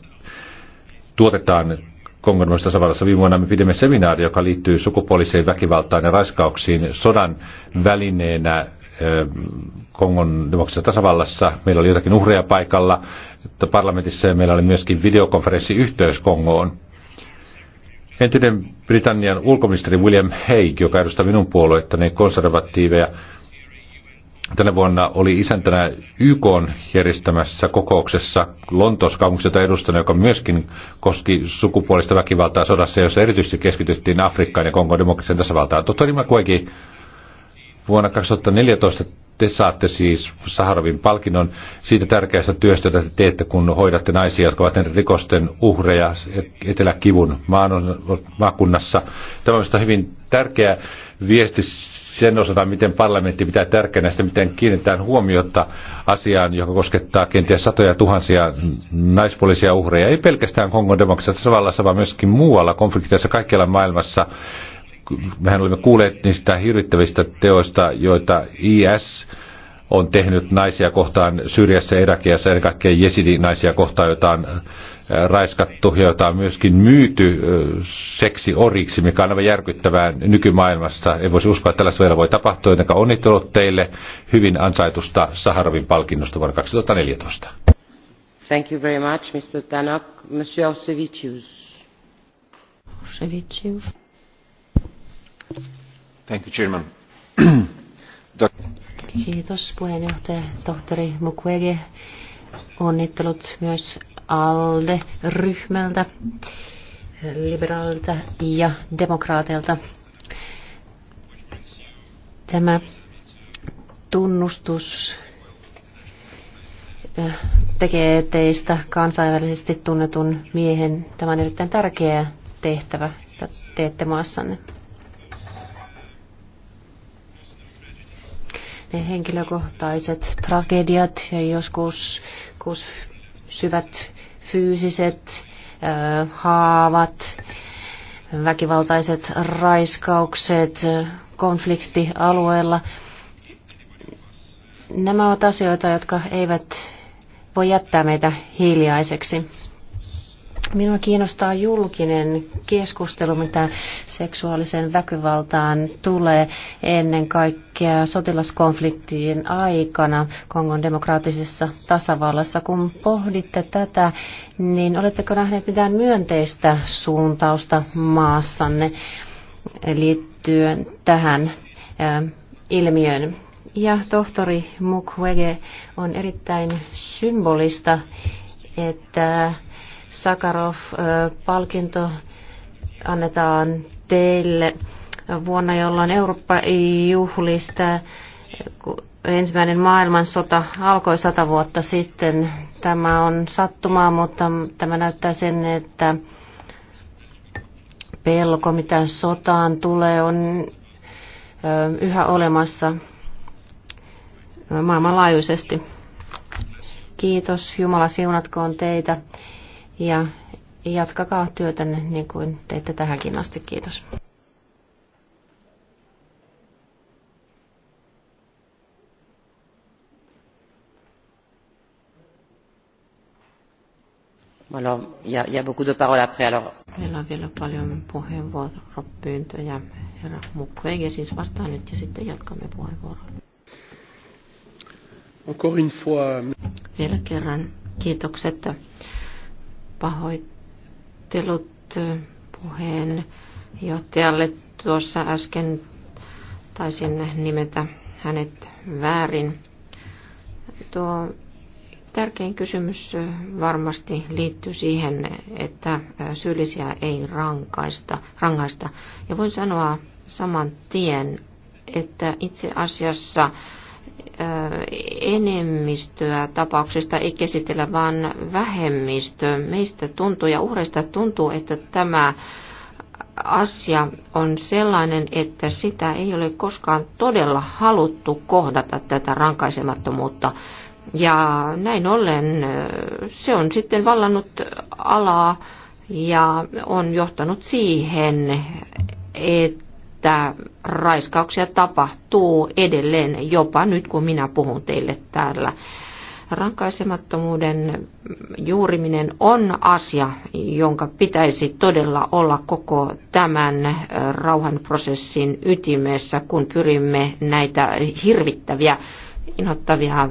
tuotetaan Kongon tasavallassa. Viime vuonna me pidimme seminaari, joka liittyy sukupuoliseen väkivaltaan ja raiskauksiin sodan välineenä ähm, Kongon demokraattisessa tasavallassa. Meillä oli jotakin uhreja paikalla parlamentissa ja meillä oli myöskin videokonferenssiyhteys Kongoon. Entinen Britannian ulkoministeri William Hague, joka edustaa minun puoluettani konservatiiveja, Tänä vuonna oli isäntänä YK järjestämässä kokouksessa Lontoossa kaupungissa edustana, joka myöskin koski sukupuolista väkivaltaa sodassa, jossa erityisesti keskityttiin Afrikkaan ja Kongon demokratian tasavaltaan. Tohtori Makwegi, vuonna 2014 te saatte siis Saharovin palkinnon siitä tärkeästä työstä, jota te teette, kun hoidatte naisia, jotka ovat rikosten uhreja Etelä-Kivun maakunnassa. Tämä on hyvin tärkeä viesti sen osalta, miten parlamentti pitää tärkeänä sitä, miten kiinnitetään huomiota asiaan, joka koskettaa kenties satoja tuhansia naispuolisia uhreja, ei pelkästään Kongon demokraattisessa vallassa, vaan myöskin muualla konflikteissa kaikkialla maailmassa mehän olemme kuulleet niistä hirvittävistä teoista, joita IS on tehnyt naisia kohtaan Syyriassa, Irakiassa, ennen kaikkea jesidinaisia kohtaan, joita on äh, raiskattu ja joita on myöskin myyty äh, seksioriksi, mikä on aivan järkyttävää nykymaailmassa. Ei voisi uskoa, että tällaista vielä voi tapahtua, jotenka onnittelut teille hyvin ansaitusta Saharovin palkinnosta vuonna 2014. Thank you very much, Mr. Tanak. Monsieur Osevicius. Osevicius. Kiitos puheenjohtaja tohtori Mukwege. Onnittelut myös ALDE-ryhmältä, liberaalilta ja demokraateilta. Tämä tunnustus eh, tekee teistä kansainvälisesti tunnetun miehen. Tämä on erittäin tärkeä tehtävä, että teette maassanne. ne henkilökohtaiset tragediat ja joskus kus syvät fyysiset haavat, väkivaltaiset raiskaukset konfliktialueella. Nämä ovat asioita, jotka eivät voi jättää meitä hiljaiseksi. Minua kiinnostaa julkinen keskustelu, mitä seksuaaliseen väkivaltaan tulee ennen kaikkea sotilaskonfliktien aikana Kongon demokraattisessa tasavallassa. Kun pohditte tätä, niin oletteko nähneet mitään myönteistä suuntausta maassanne liittyen tähän ähm, ilmiöön? Ja tohtori Mukwege on erittäin symbolista, että Sakarov-palkinto annetaan teille vuonna, jolloin Eurooppa juhlii sitä, ensimmäinen maailmansota alkoi sata vuotta sitten. Tämä on sattumaa, mutta tämä näyttää sen, että pelko, mitä sotaan tulee, on yhä olemassa maailmanlaajuisesti. Kiitos, Jumala siunatkoon teitä ja jatkakaa työtänne niin kuin teitte tähänkin asti. Kiitos. Alors, y, a, y a beaucoup de paroles après. Alors. Meillä on vielä paljon puheenvuoropyyntöjä. Herra Mukwege siis vastaa nyt ja sitten jatkamme puheenvuoroa. Encore une fois. Vielä kerran kiitokset Pahoittelut puheenjohtajalle. Tuossa äsken taisin nimetä hänet väärin. Tuo tärkein kysymys varmasti liittyy siihen, että syyllisiä ei rankaista, rangaista. Ja voin sanoa saman tien, että itse asiassa enemmistöä tapauksista ei käsitellä, vaan vähemmistö. Meistä tuntuu ja uhreista tuntuu, että tämä asia on sellainen, että sitä ei ole koskaan todella haluttu kohdata tätä rankaisemattomuutta. Ja näin ollen se on sitten vallannut alaa ja on johtanut siihen, että että raiskauksia tapahtuu edelleen jopa nyt, kun minä puhun teille täällä. Rankaisemattomuuden juuriminen on asia, jonka pitäisi todella olla koko tämän äh, rauhanprosessin ytimessä, kun pyrimme näitä hirvittäviä inhottavia,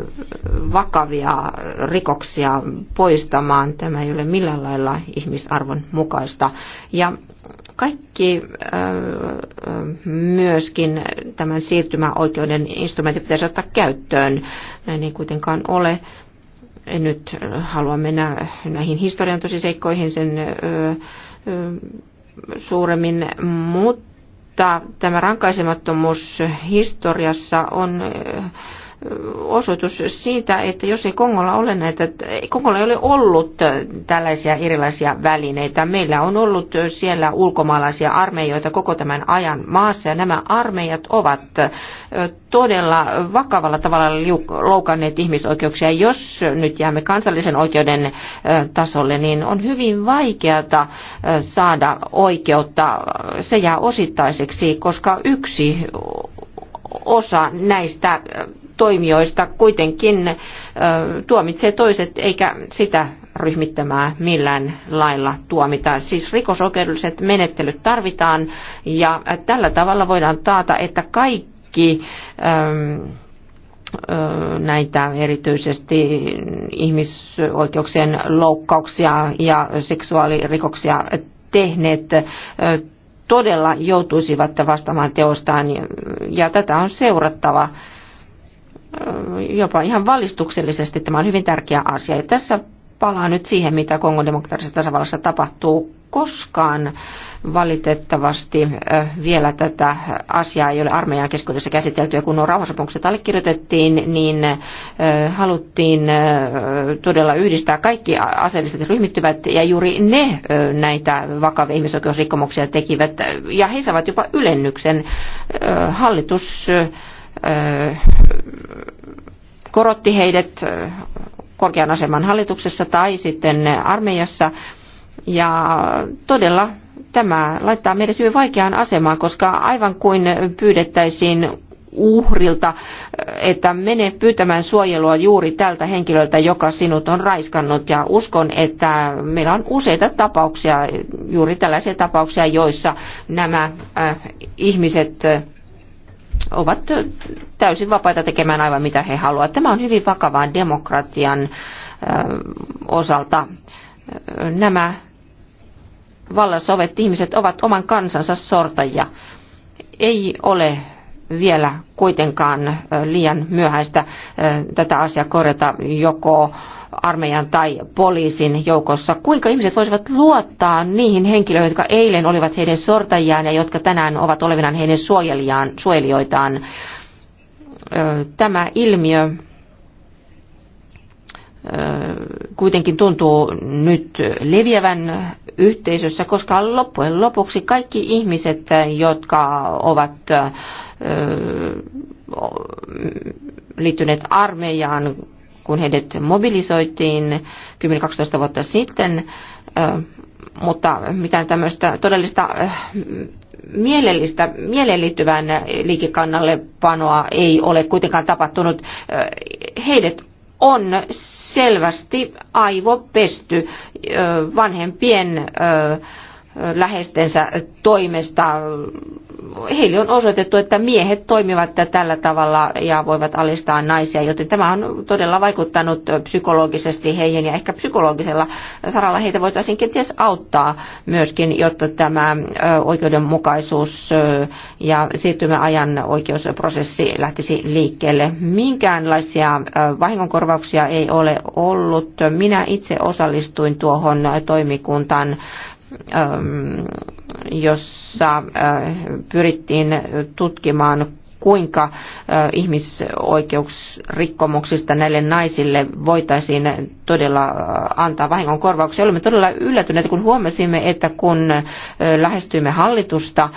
vakavia rikoksia poistamaan. Tämä ei ole millään lailla ihmisarvon mukaista. Ja kaikki äh, äh, myöskin tämän siirtymäoikeuden instrumentit pitäisi ottaa käyttöön. Näin ei kuitenkaan ole. En nyt halua mennä näihin historian tosiseikkoihin sen äh, suuremmin, mutta tämä rankaisemattomuus historiassa on osoitus siitä, että jos ei Kongolla ole näitä, Kongolla ei ole ollut tällaisia erilaisia välineitä. Meillä on ollut siellä ulkomaalaisia armeijoita koko tämän ajan maassa ja nämä armeijat ovat todella vakavalla tavalla loukanneet ihmisoikeuksia. Jos nyt jäämme kansallisen oikeuden tasolle, niin on hyvin vaikeata saada oikeutta. Se jää osittaiseksi, koska yksi osa näistä toimijoista kuitenkin tuomitsee toiset, eikä sitä ryhmittämää millään lailla tuomita. Siis rikosoikeudelliset menettelyt tarvitaan ja tällä tavalla voidaan taata, että kaikki näitä erityisesti ihmisoikeuksien loukkauksia ja seksuaalirikoksia tehneet todella joutuisivat vastaamaan teostaan ja tätä on seurattava jopa ihan valistuksellisesti. Tämä on hyvin tärkeä asia. Ja tässä palaa nyt siihen, mitä Kongon demokraattisessa tasavallassa tapahtuu. Koskaan valitettavasti vielä tätä asiaa ei ole armeijan keskuudessa käsitelty. Ja kun nuo rauhansopimukset allekirjoitettiin, niin haluttiin todella yhdistää kaikki aseelliset ryhmittyvät, ja juuri ne näitä vakavia ihmisoikeusrikkomuksia tekivät, ja he saavat jopa ylennyksen. Hallitus korotti heidät korkean aseman hallituksessa tai sitten armeijassa. Ja todella tämä laittaa meidät hyvin vaikeaan asemaan, koska aivan kuin pyydettäisiin uhrilta, että mene pyytämään suojelua juuri tältä henkilöltä, joka sinut on raiskannut. Ja uskon, että meillä on useita tapauksia, juuri tällaisia tapauksia, joissa nämä äh, ihmiset ovat täysin vapaita tekemään aivan mitä he haluavat. Tämä on hyvin vakavaa demokratian osalta. Nämä vallassa ovet ihmiset ovat oman kansansa sortajia. Ei ole vielä kuitenkaan liian myöhäistä tätä asiaa korjata joko armeijan tai poliisin joukossa. Kuinka ihmiset voisivat luottaa niihin henkilöihin, jotka eilen olivat heidän sortajiaan ja jotka tänään ovat olevinaan heidän suojelijoitaan? Tämä ilmiö kuitenkin tuntuu nyt leviävän yhteisössä, koska loppujen lopuksi kaikki ihmiset, jotka ovat liittyneet armeijaan kun heidät mobilisoitiin 10-12 vuotta sitten, mutta mitään tämmöistä todellista mielellistä, mieleen liikekannalle panoa ei ole kuitenkaan tapahtunut. Heidät on selvästi aivopesty vanhempien läheistensä toimesta. Heille on osoitettu, että miehet toimivat tällä tavalla ja voivat alistaa naisia, joten tämä on todella vaikuttanut psykologisesti heihin ja ehkä psykologisella saralla heitä voitaisiin kenties auttaa myöskin, jotta tämä oikeudenmukaisuus ja siirtymäajan oikeusprosessi lähtisi liikkeelle. Minkäänlaisia vahingonkorvauksia ei ole ollut. Minä itse osallistuin tuohon toimikuntaan Ähm, jossa äh, pyrittiin tutkimaan kuinka äh, ihmisoikeusrikkomuksista näille naisille voitaisiin todella äh, antaa korvauksia. Olemme todella yllätyneitä, kun huomasimme, että kun lähestyimme hallitusta,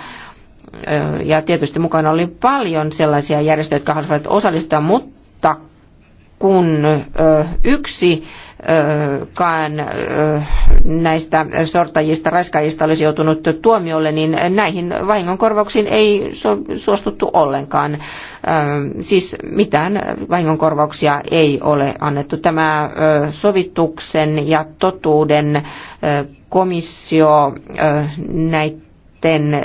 ja tietysti mukana oli paljon sellaisia järjestöjä, jotka halusivat osallistua, mutta kun yksi kaan näistä sortajista, raiskaajista olisi joutunut tuomiolle, niin näihin vahingonkorvauksiin ei suostuttu ollenkaan. Siis mitään vahingonkorvauksia ei ole annettu. Tämä sovituksen ja totuuden komissio näiden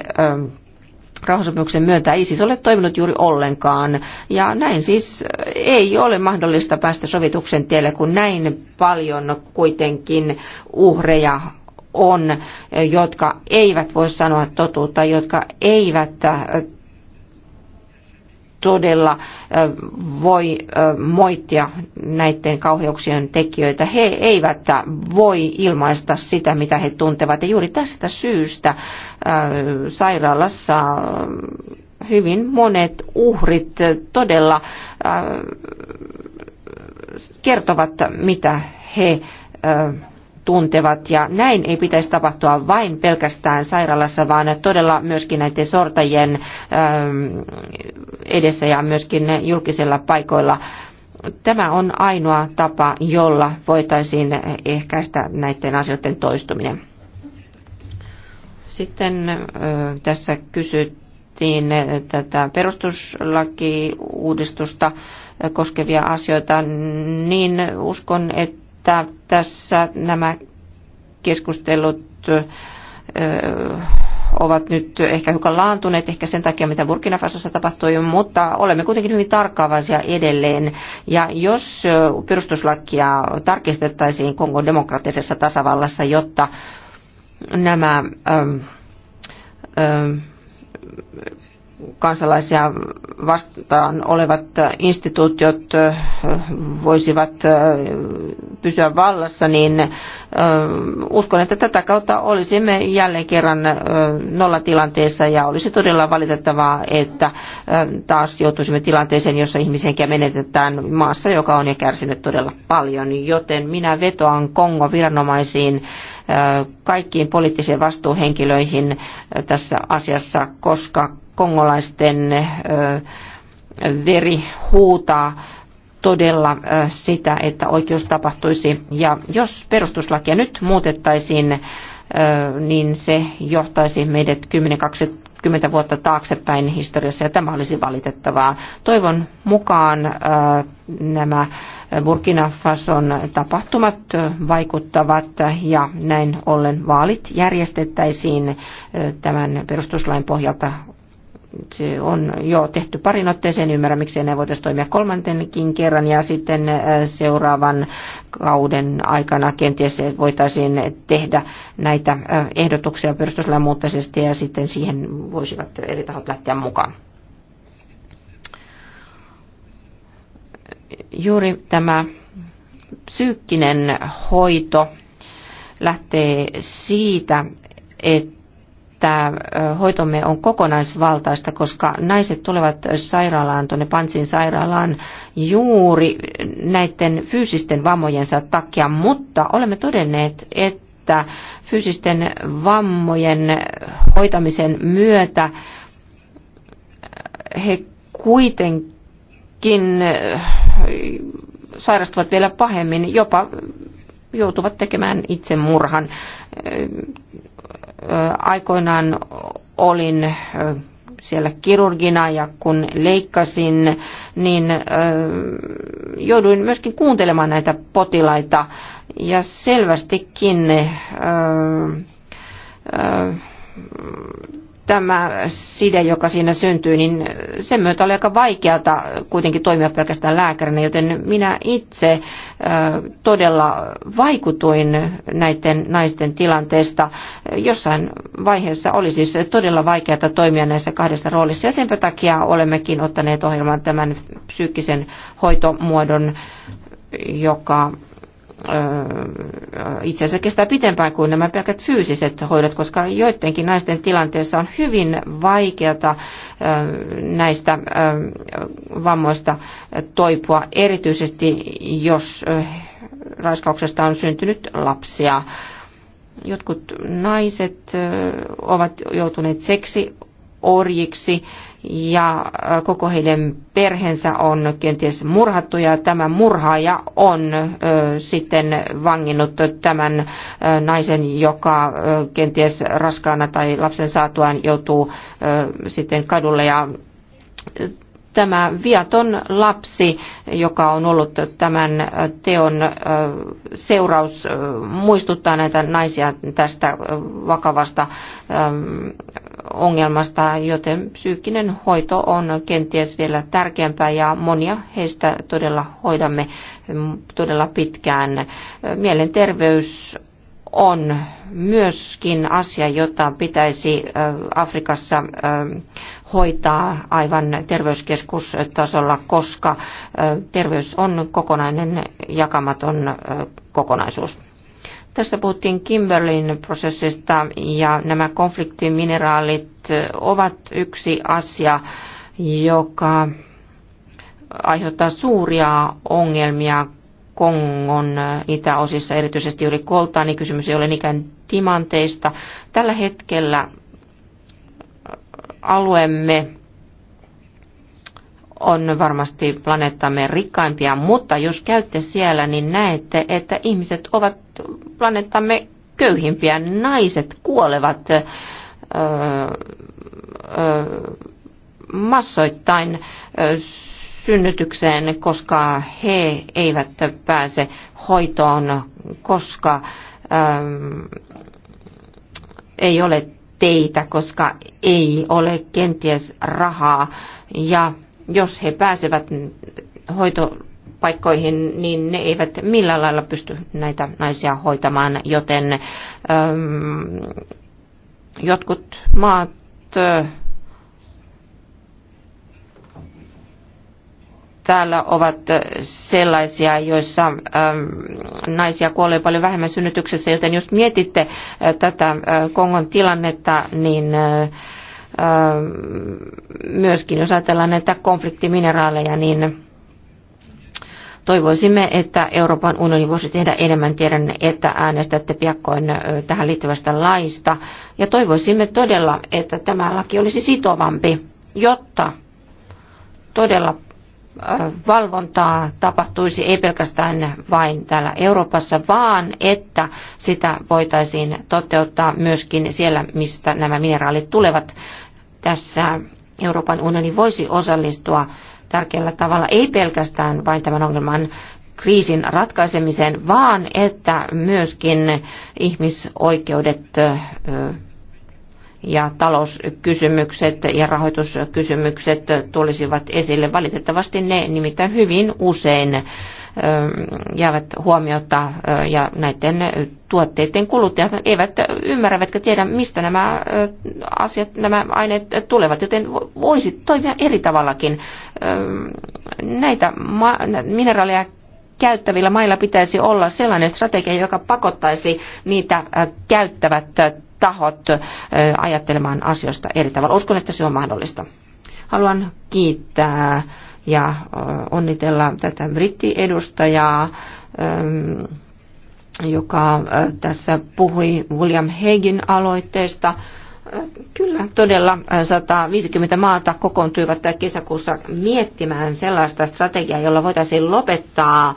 rauhansopimuksen myöntää siis ole toiminut juuri ollenkaan. Ja näin siis ei ole mahdollista päästä sovituksen tielle, kun näin paljon kuitenkin uhreja on, jotka eivät voi sanoa totuutta, jotka eivät todella voi moittia näiden kauheuksien tekijöitä. He eivät voi ilmaista sitä, mitä he tuntevat. Ja juuri tästä syystä sairaalassa hyvin monet uhrit todella kertovat, mitä he tuntevat ja näin ei pitäisi tapahtua vain pelkästään sairaalassa, vaan todella myöskin näiden sortajien ähm, edessä ja myöskin julkisilla paikoilla. Tämä on ainoa tapa, jolla voitaisiin ehkäistä näiden asioiden toistuminen. Sitten äh, tässä kysyttiin äh, tätä perustuslakiuudistusta äh, koskevia asioita, niin uskon, että että tässä nämä keskustelut ovat nyt ehkä hiukan laantuneet, ehkä sen takia, mitä Burkina Fasossa tapahtui, mutta olemme kuitenkin hyvin tarkkaavaisia edelleen. Ja jos perustuslakia tarkistettaisiin Kongon demokraattisessa tasavallassa, jotta nämä kansalaisia vastaan olevat instituutiot voisivat pysyä vallassa, niin uskon, että tätä kautta olisimme jälleen kerran nollatilanteessa ja olisi todella valitettavaa, että taas joutuisimme tilanteeseen, jossa ihmishenkiä menetetään maassa, joka on jo kärsinyt todella paljon. Joten minä vetoan Kongo viranomaisiin kaikkiin poliittisiin vastuuhenkilöihin tässä asiassa, koska kongolaisten veri huutaa todella sitä, että oikeus tapahtuisi. Ja jos perustuslakia nyt muutettaisiin, niin se johtaisi meidät 10-20 vuotta taaksepäin historiassa, ja tämä olisi valitettavaa. Toivon mukaan nämä Burkina Fason tapahtumat vaikuttavat ja näin ollen vaalit järjestettäisiin tämän perustuslain pohjalta se on jo tehty parin otteeseen, ymmärrä miksei ne voitaisiin toimia kolmantenkin kerran ja sitten äh, seuraavan kauden aikana kenties voitaisiin tehdä näitä äh, ehdotuksia perustuslain muuttaisesti ja sitten siihen voisivat eri tahot lähteä mukaan. Juuri tämä psyykkinen hoito lähtee siitä, että että hoitomme on kokonaisvaltaista, koska naiset tulevat sairaalaan, tuonne Pantsin sairaalaan juuri näiden fyysisten vammojensa takia, mutta olemme todenneet, että fyysisten vammojen hoitamisen myötä he kuitenkin sairastuvat vielä pahemmin, jopa joutuvat tekemään itsemurhan aikoinaan olin siellä kirurgina ja kun leikkasin, niin jouduin myöskin kuuntelemaan näitä potilaita ja selvästikin tämä side, joka siinä syntyy, niin sen myötä oli aika vaikeata kuitenkin toimia pelkästään lääkärinä, joten minä itse todella vaikutuin näiden naisten tilanteesta. Jossain vaiheessa oli siis todella vaikeata toimia näissä kahdessa roolissa ja sen takia olemmekin ottaneet ohjelman tämän psyykkisen hoitomuodon, joka itse asiassa kestää pitempään kuin nämä pelkät fyysiset hoidot, koska joidenkin naisten tilanteessa on hyvin vaikeata näistä vammoista toipua, erityisesti jos raiskauksesta on syntynyt lapsia. Jotkut naiset ovat joutuneet seksi orjiksi ja koko heidän perheensä on kenties murhattu ja tämä murhaaja on sitten vanginnut tämän naisen, joka kenties raskaana tai lapsen saatuaan joutuu sitten kadulle ja tämä viaton lapsi, joka on ollut tämän teon seuraus, muistuttaa näitä naisia tästä vakavasta ongelmasta, joten psyykkinen hoito on kenties vielä tärkeämpää ja monia heistä todella hoidamme mm, todella pitkään. Mielenterveys on myöskin asia, jota pitäisi Afrikassa hoitaa aivan terveyskeskustasolla, koska terveys on kokonainen jakamaton kokonaisuus. Tässä puhuttiin Kimberlin prosessista ja nämä konfliktimineraalit ovat yksi asia, joka aiheuttaa suuria ongelmia Kongon itäosissa, erityisesti juuri koltaan, niin kysymys ei ole niinkään timanteista. Tällä hetkellä alueemme on varmasti planeettamme rikkaimpia, mutta jos käytte siellä, niin näette, että ihmiset ovat planeettamme köyhimpiä. Naiset kuolevat öö, öö, massoittain öö, synnytykseen, koska he eivät pääse hoitoon, koska öö, ei ole teitä, koska ei ole kenties rahaa. Ja jos he pääsevät hoito paikkoihin, niin ne eivät millään lailla pysty näitä naisia hoitamaan, joten äm, jotkut maat äh, täällä ovat sellaisia, joissa ähm, naisia kuolee paljon vähemmän synnytyksessä, joten jos mietitte äh, tätä äh, Kongon tilannetta, niin äh, äh, myöskin jos ajatellaan näitä konfliktimineraaleja, niin Toivoisimme, että Euroopan unioni voisi tehdä enemmän. Tiedän, että äänestätte piakkoin tähän liittyvästä laista. Ja toivoisimme todella, että tämä laki olisi sitovampi, jotta todella valvontaa tapahtuisi ei pelkästään vain täällä Euroopassa, vaan että sitä voitaisiin toteuttaa myöskin siellä, mistä nämä mineraalit tulevat. Tässä Euroopan unioni voisi osallistua tärkeällä tavalla, ei pelkästään vain tämän ongelman kriisin ratkaisemiseen, vaan että myöskin ihmisoikeudet ja talouskysymykset ja rahoituskysymykset tulisivat esille. Valitettavasti ne nimittäin hyvin usein jäävät huomiota ja näiden tuotteiden kuluttajat eivät ymmärrä, eivätkä tiedä, mistä nämä asiat, nämä aineet tulevat, joten voisi toimia eri tavallakin. Näitä mineraaleja käyttävillä mailla pitäisi olla sellainen strategia, joka pakottaisi niitä käyttävät tahot ajattelemaan asioista eri tavalla. Uskon, että se on mahdollista. Haluan kiittää ja onnitella tätä brittiedustajaa, ähm, joka tässä puhui William Hegin aloitteesta. Kyllä, todella 150 maata kokoontuivat kesäkuussa miettimään sellaista strategiaa, jolla voitaisiin lopettaa ähm,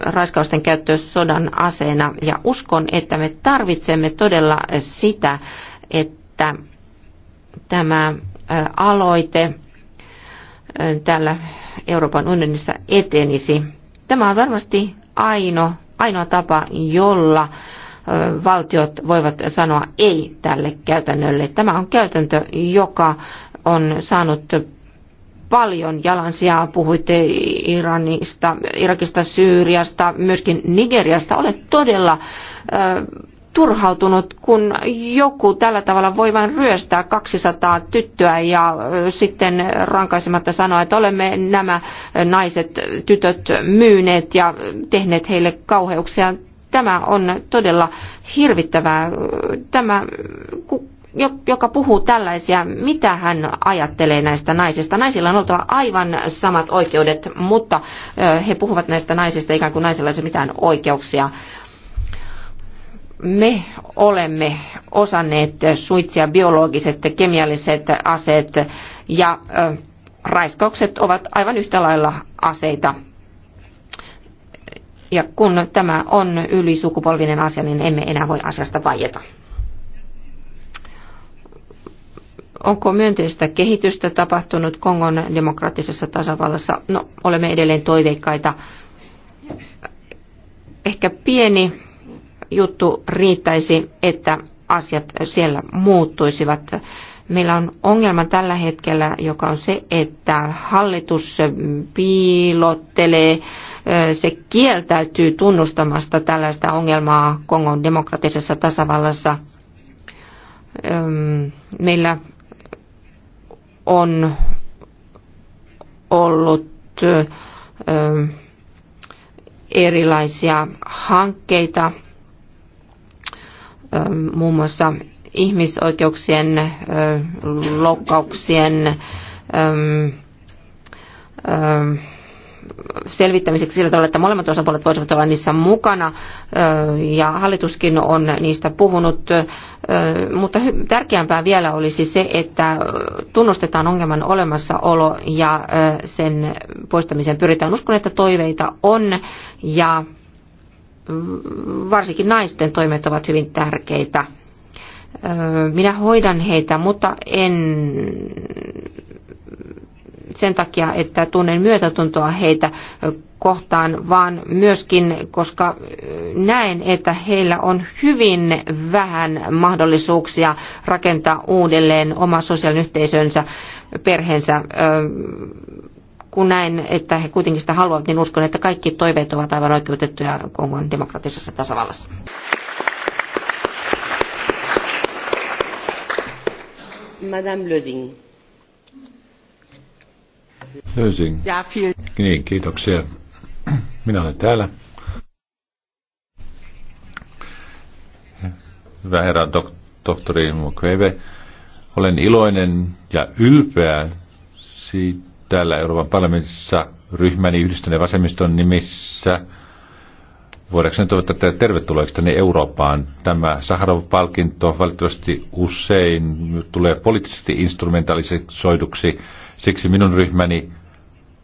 raiskausten käyttö sodan aseena. Ja uskon, että me tarvitsemme todella sitä, että tämä aloite täällä Euroopan unionissa etenisi. Tämä on varmasti ainoa, ainoa tapa, jolla valtiot voivat sanoa ei tälle käytännölle. Tämä on käytäntö, joka on saanut paljon jalansijaa. Puhuitte Iranista, Irakista, Syyriasta, myöskin Nigeriasta. Olet todella turhautunut, kun joku tällä tavalla voi vain ryöstää 200 tyttöä ja sitten rankaisematta sanoa, että olemme nämä naiset, tytöt myyneet ja tehneet heille kauheuksia. Tämä on todella hirvittävää. Tämä, joka puhuu tällaisia, mitä hän ajattelee näistä naisista. Naisilla on oltava aivan samat oikeudet, mutta he puhuvat näistä naisista ikään kuin naisilla ei ole mitään oikeuksia me olemme osanneet suitsia biologiset, kemialliset aseet ja raiskaukset ovat aivan yhtä lailla aseita. Ja kun tämä on ylisukupolvinen asia, niin emme enää voi asiasta vaieta. Onko myönteistä kehitystä tapahtunut Kongon demokraattisessa tasavallassa? No, olemme edelleen toiveikkaita. Ehkä pieni juttu riittäisi, että asiat siellä muuttuisivat. Meillä on ongelma tällä hetkellä, joka on se, että hallitus piilottelee, se kieltäytyy tunnustamasta tällaista ongelmaa Kongon demokratisessa tasavallassa. Meillä on ollut erilaisia hankkeita Ähm, muun muassa ihmisoikeuksien äh, loukkauksien ähm, ähm, selvittämiseksi sillä tavalla, että molemmat osapuolet voisivat olla niissä mukana äh, ja hallituskin on niistä puhunut, äh, mutta tärkeämpää vielä olisi se, että tunnustetaan ongelman olemassaolo ja sen poistamiseen pyritään. Uskon, että toiveita on ja varsinkin naisten toimet ovat hyvin tärkeitä. Minä hoidan heitä, mutta en sen takia, että tunnen myötätuntoa heitä kohtaan, vaan myöskin, koska näen, että heillä on hyvin vähän mahdollisuuksia rakentaa uudelleen oma sosiaalinen yhteisönsä, perheensä kun näen, että he kuitenkin sitä haluavat, niin uskon, että kaikki toiveet ovat aivan oikeutettuja Kongon demokratisessa tasavallassa. Madame Lösing. Lösing. Ja, viel... Niin, kiitoksia. Minä olen täällä. Hyvä herra dok- tohtori Mukwebe, olen iloinen ja ylpeä siitä, täällä Euroopan parlamentissa ryhmäni yhdistyneen vasemmiston nimissä. Voidaanko toivottaa teitä tervetulleeksi tänne Eurooppaan? Tämä Saharov-palkinto valitettavasti usein tulee poliittisesti instrumentalisoiduksi. Siksi minun ryhmäni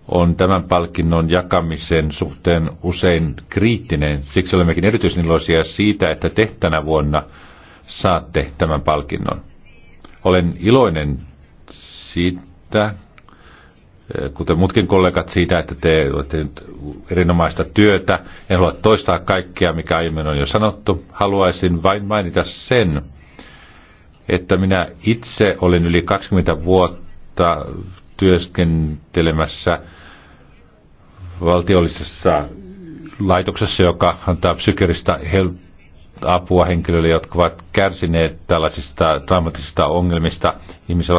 on tämän palkinnon jakamisen suhteen usein kriittinen. Siksi olemmekin erityisen iloisia siitä, että te tänä vuonna saatte tämän palkinnon. Olen iloinen siitä, Eh, kuten muutkin kollegat, siitä, että te olette nyt erinomaista työtä. En halua toistaa kaikkea, mikä aiemmin on jo sanottu. Haluaisin vain mainita sen, että minä itse olin yli 20 vuotta työskentelemässä valtiollisessa laitoksessa, joka antaa psykiarista apua henkilöille, jotka ovat kärsineet tällaisista traumatisista ongelmista. Ihmiset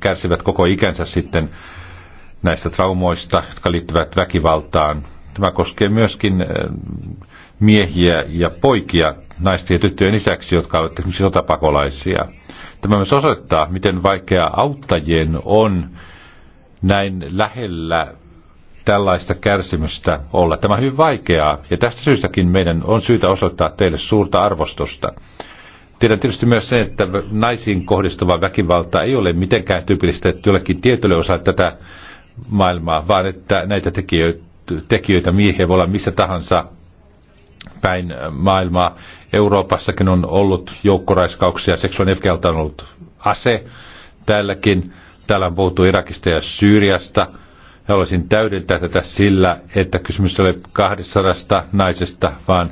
kärsivät koko ikänsä sitten näistä traumoista, jotka liittyvät väkivaltaan. Tämä koskee myöskin eh, miehiä ja poikia naisten ja tyttöjen lisäksi, jotka ovat esimerkiksi sotapakolaisia. Tämä myös osoittaa, miten vaikea auttajien on näin lähellä tällaista kärsimystä olla. Tämä on hyvin vaikeaa ja tästä syystäkin meidän on syytä osoittaa teille suurta arvostusta. Tiedän tietysti myös sen, että naisiin kohdistuva väkivalta ei ole mitenkään tyypillistä jollekin tietylle osa tätä maailmaa, vaan että näitä tekijöitä, tekijöitä miehiä voi olla missä tahansa päin maailmaa. Euroopassakin on ollut joukkoraiskauksia, seksuaalinen väkivalta on ollut ase täälläkin. Täällä on puhuttu Irakista ja Syyriasta. Haluaisin täydentää tätä sillä, että kysymys ei ole 200 naisesta, vaan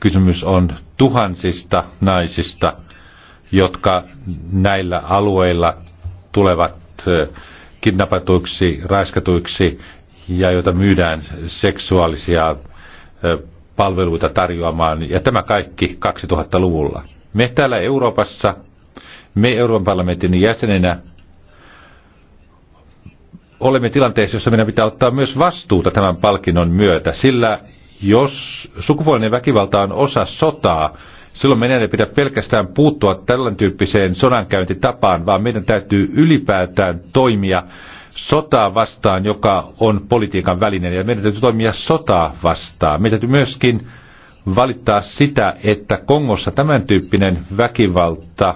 kysymys on tuhansista naisista, jotka näillä alueilla tulevat kidnappatuiksi, raiskatuiksi ja joita myydään seksuaalisia palveluita tarjoamaan. Ja tämä kaikki 2000-luvulla. Me täällä Euroopassa, me Euroopan parlamentin jäsenenä olemme tilanteessa, jossa meidän pitää ottaa myös vastuuta tämän palkinnon myötä, sillä jos sukupuolinen väkivalta on osa sotaa, Silloin meidän ei pidä pelkästään puuttua tällainen tyyppiseen sodankäyntitapaan, vaan meidän täytyy ylipäätään toimia sotaa vastaan, joka on politiikan välinen. Ja meidän täytyy toimia sotaa vastaan. Meidän täytyy myöskin valittaa sitä, että Kongossa tämän tyyppinen väkivalta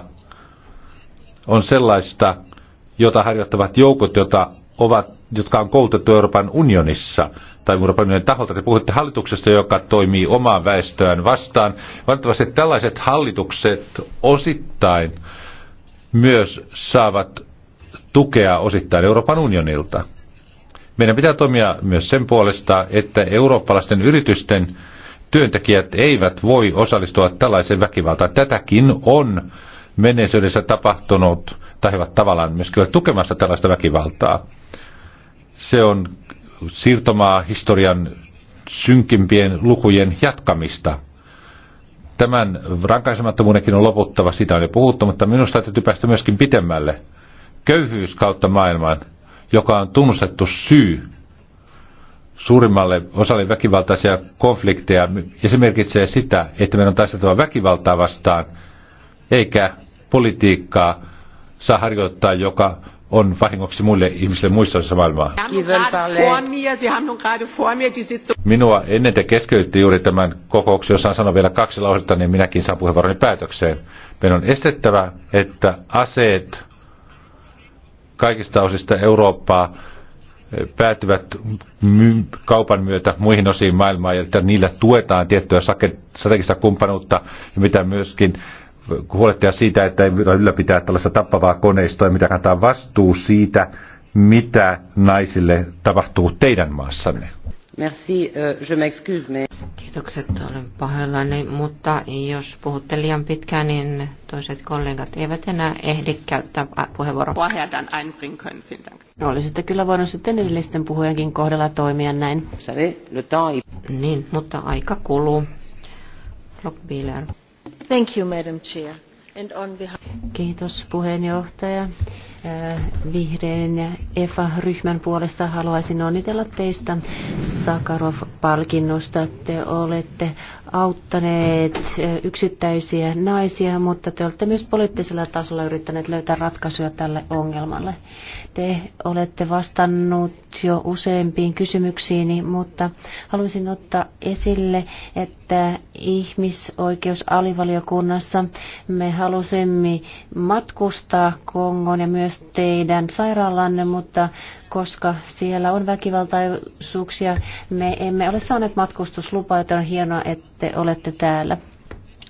on sellaista, jota harjoittavat joukot, jota ovat, jotka on koulutettu Euroopan unionissa tai Euroopan unionin taholta. Te puhutte hallituksesta, joka toimii omaa väestöään vastaan. Valitettavasti tällaiset hallitukset osittain myös saavat tukea osittain Euroopan unionilta. Meidän pitää toimia myös sen puolesta, että eurooppalaisten yritysten työntekijät eivät voi osallistua tällaiseen väkivaltaan. Tätäkin on menneisyydessä tapahtunut mutta he ovat tavallaan myös kyllä tukemassa tällaista väkivaltaa. Se on siirtomaa historian synkimpien lukujen jatkamista. Tämän rankaisemattomuudenkin on loputtava, sitä on jo puhuttu, mutta minusta täytyy päästä myöskin pitemmälle. Köyhyys kautta maailman, joka on tunnustettu syy suurimmalle osalle väkivaltaisia konflikteja, ja se merkitsee sitä, että meidän on taisteltava väkivaltaa vastaan, eikä politiikkaa, saa harjoittaa, joka on vahingoksi muille ihmisille muissa osissa maailmaa. Minua ennen te keskeytti juuri tämän kokouksen, jossa sanon vielä kaksi lausetta, niin minäkin saan puheenvuoroni päätökseen. Meidän on estettävä, että aseet kaikista osista Eurooppaa eh, päätyvät my- kaupan myötä muihin osiin maailmaa, ja että niillä tuetaan tiettyä strategista kumppanuutta, ja mitä myöskin huolehtia siitä, että ei ylläpitää tällaista tappavaa koneistoa, mitä kantaa vastuu siitä, mitä naisille tapahtuu teidän maassanne. Merci, euh, je m'excuse, mais... Kiitokset, olen pahoillani, mutta jos puhutte liian pitkään, niin toiset kollegat eivät enää ehdi käyttää puheenvuoroa. No, Olisitte kyllä voinut sitten edellisten puhujankin kohdalla toimia näin. Niin, mutta aika kuluu. Lockbiller. Thank you, Madam Kiitos puheenjohtaja vihreiden ja EFA-ryhmän puolesta haluaisin onnitella teistä Sakarov-palkinnosta. Te olette auttaneet yksittäisiä naisia, mutta te olette myös poliittisella tasolla yrittäneet löytää ratkaisuja tälle ongelmalle. Te olette vastannut jo useimpiin kysymyksiini, mutta haluaisin ottaa esille, että ihmisoikeusalivaliokunnassa me halusimme matkustaa Kongon ja myös myös teidän sairaalanne, mutta koska siellä on väkivaltaisuuksia, me emme ole saaneet matkustuslupaa, joten on hienoa, että olette täällä.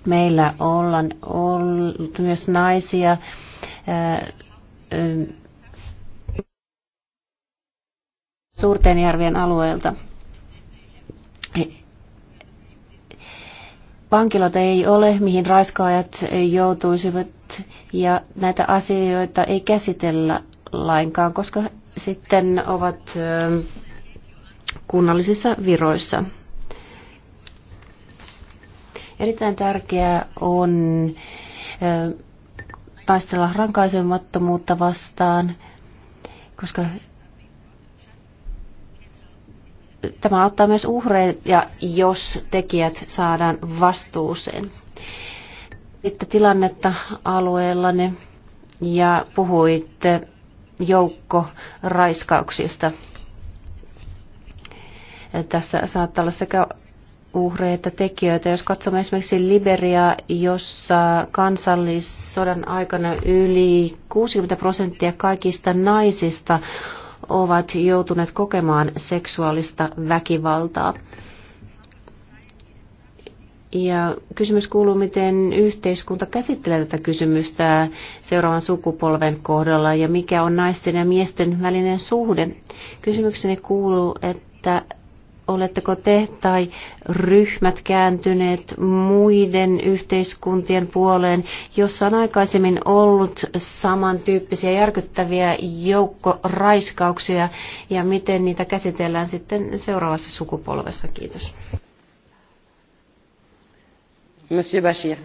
Meillä ollaan ollut myös naisia. Suurteenjärvien alueelta vankiloita ei ole, mihin raiskaajat joutuisivat ja näitä asioita ei käsitellä lainkaan, koska sitten ovat kunnallisissa viroissa. Erittäin tärkeää on taistella rankaisemattomuutta vastaan, koska tämä auttaa myös uhreja, jos tekijät saadaan vastuuseen. Sitten tilannetta alueellanne ja puhuitte joukko raiskauksista. Tässä saattaa olla sekä uhreja että tekijöitä. Jos katsomme esimerkiksi Liberiaa, jossa kansallissodan aikana yli 60 prosenttia kaikista naisista ovat joutuneet kokemaan seksuaalista väkivaltaa. Ja kysymys kuuluu, miten yhteiskunta käsittelee tätä kysymystä seuraavan sukupolven kohdalla ja mikä on naisten ja miesten välinen suhde. Kysymykseni kuuluu, että Oletteko te tai ryhmät kääntyneet muiden yhteiskuntien puoleen, jossa on aikaisemmin ollut samantyyppisiä järkyttäviä joukkoraiskauksia ja miten niitä käsitellään sitten seuraavassa sukupolvessa? Kiitos. Monsieur Bashir.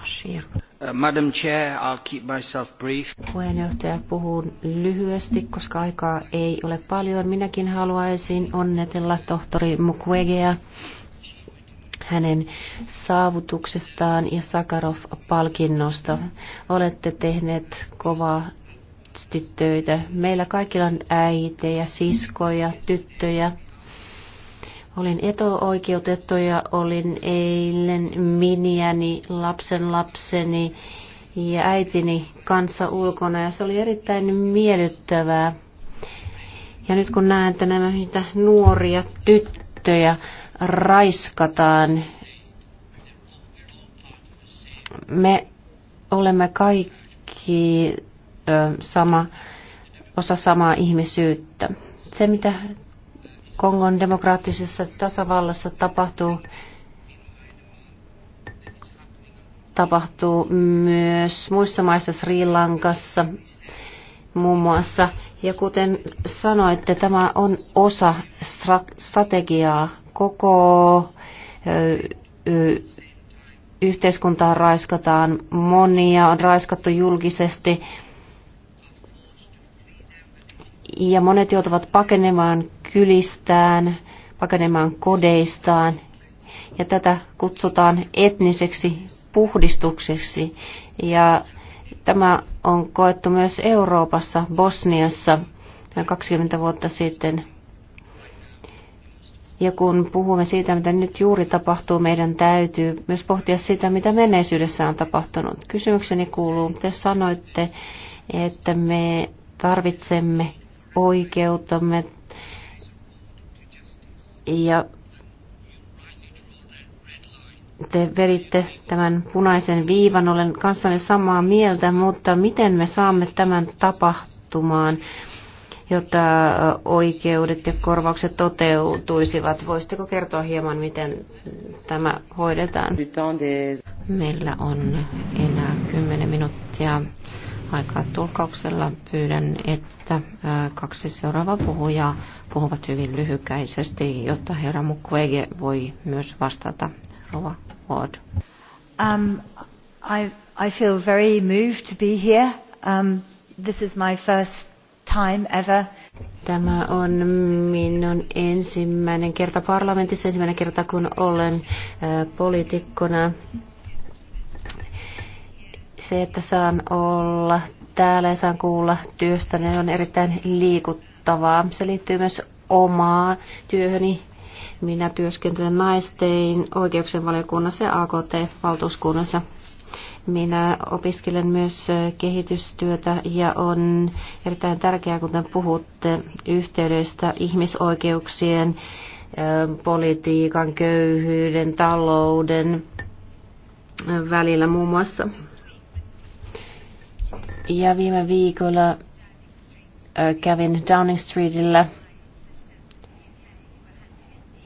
Bashir. Uh, Madam Chair, I'll keep myself brief. Puheenjohtaja, puhun lyhyesti, koska aikaa ei ole paljon. Minäkin haluaisin onnetella tohtori Mukwegea hänen saavutuksestaan ja Sakarov-palkinnosta. Olette tehneet kovaa töitä. Meillä kaikilla on äitejä, siskoja, tyttöjä, Olin etuoikeutettu ja olin eilen miniäni, lapsen lapseni ja äitini kanssa ulkona ja se oli erittäin miellyttävää. Ja nyt kun näen, että nämä mitä nuoria tyttöjä raiskataan, me olemme kaikki ö, sama, osa samaa ihmisyyttä. Se, mitä Kongon demokraattisessa tasavallassa tapahtuu, tapahtuu myös muissa maissa Sri Lankassa muun muassa. Ja kuten sanoitte, tämä on osa strategiaa koko yhteiskuntaa raiskataan, monia on raiskattu julkisesti ja monet joutuvat pakenemaan kylistään, pakenemaan kodeistaan. Ja tätä kutsutaan etniseksi puhdistukseksi. Ja tämä on koettu myös Euroopassa, Bosniassa, noin 20 vuotta sitten. Ja kun puhumme siitä, mitä nyt juuri tapahtuu, meidän täytyy myös pohtia sitä, mitä menneisyydessä on tapahtunut. Kysymykseni kuuluu, te sanoitte, että me tarvitsemme oikeutamme ja te veditte tämän punaisen viivan, olen kanssanne samaa mieltä, mutta miten me saamme tämän tapahtumaan, jotta oikeudet ja korvaukset toteutuisivat? Voisitteko kertoa hieman, miten tämä hoidetaan? Meillä on enää 10 minuuttia aikaa tulkauksella. Pyydän, että kaksi seuraavaa puhujaa puhuvat hyvin lyhykäisesti, jotta herra Mukwege voi myös vastata. Rova Ward. Um, I, I feel very moved to be here. Um, this is my first time ever. Tämä on minun ensimmäinen kerta parlamentissa, ensimmäinen kerta kun olen äh, poliitikkona. Se, että saan olla täällä ja saan kuulla työstä, niin on erittäin liikuttavaa. Se liittyy myös omaa työhöni. Minä työskentelen naistein oikeuksien valiokunnassa ja AKT-valtuuskunnassa. Minä opiskelen myös kehitystyötä ja on erittäin tärkeää, kuten puhutte, yhteydestä ihmisoikeuksien, politiikan, köyhyyden, talouden välillä muun muassa. Ja viime viikolla kävin Downing Streetillä.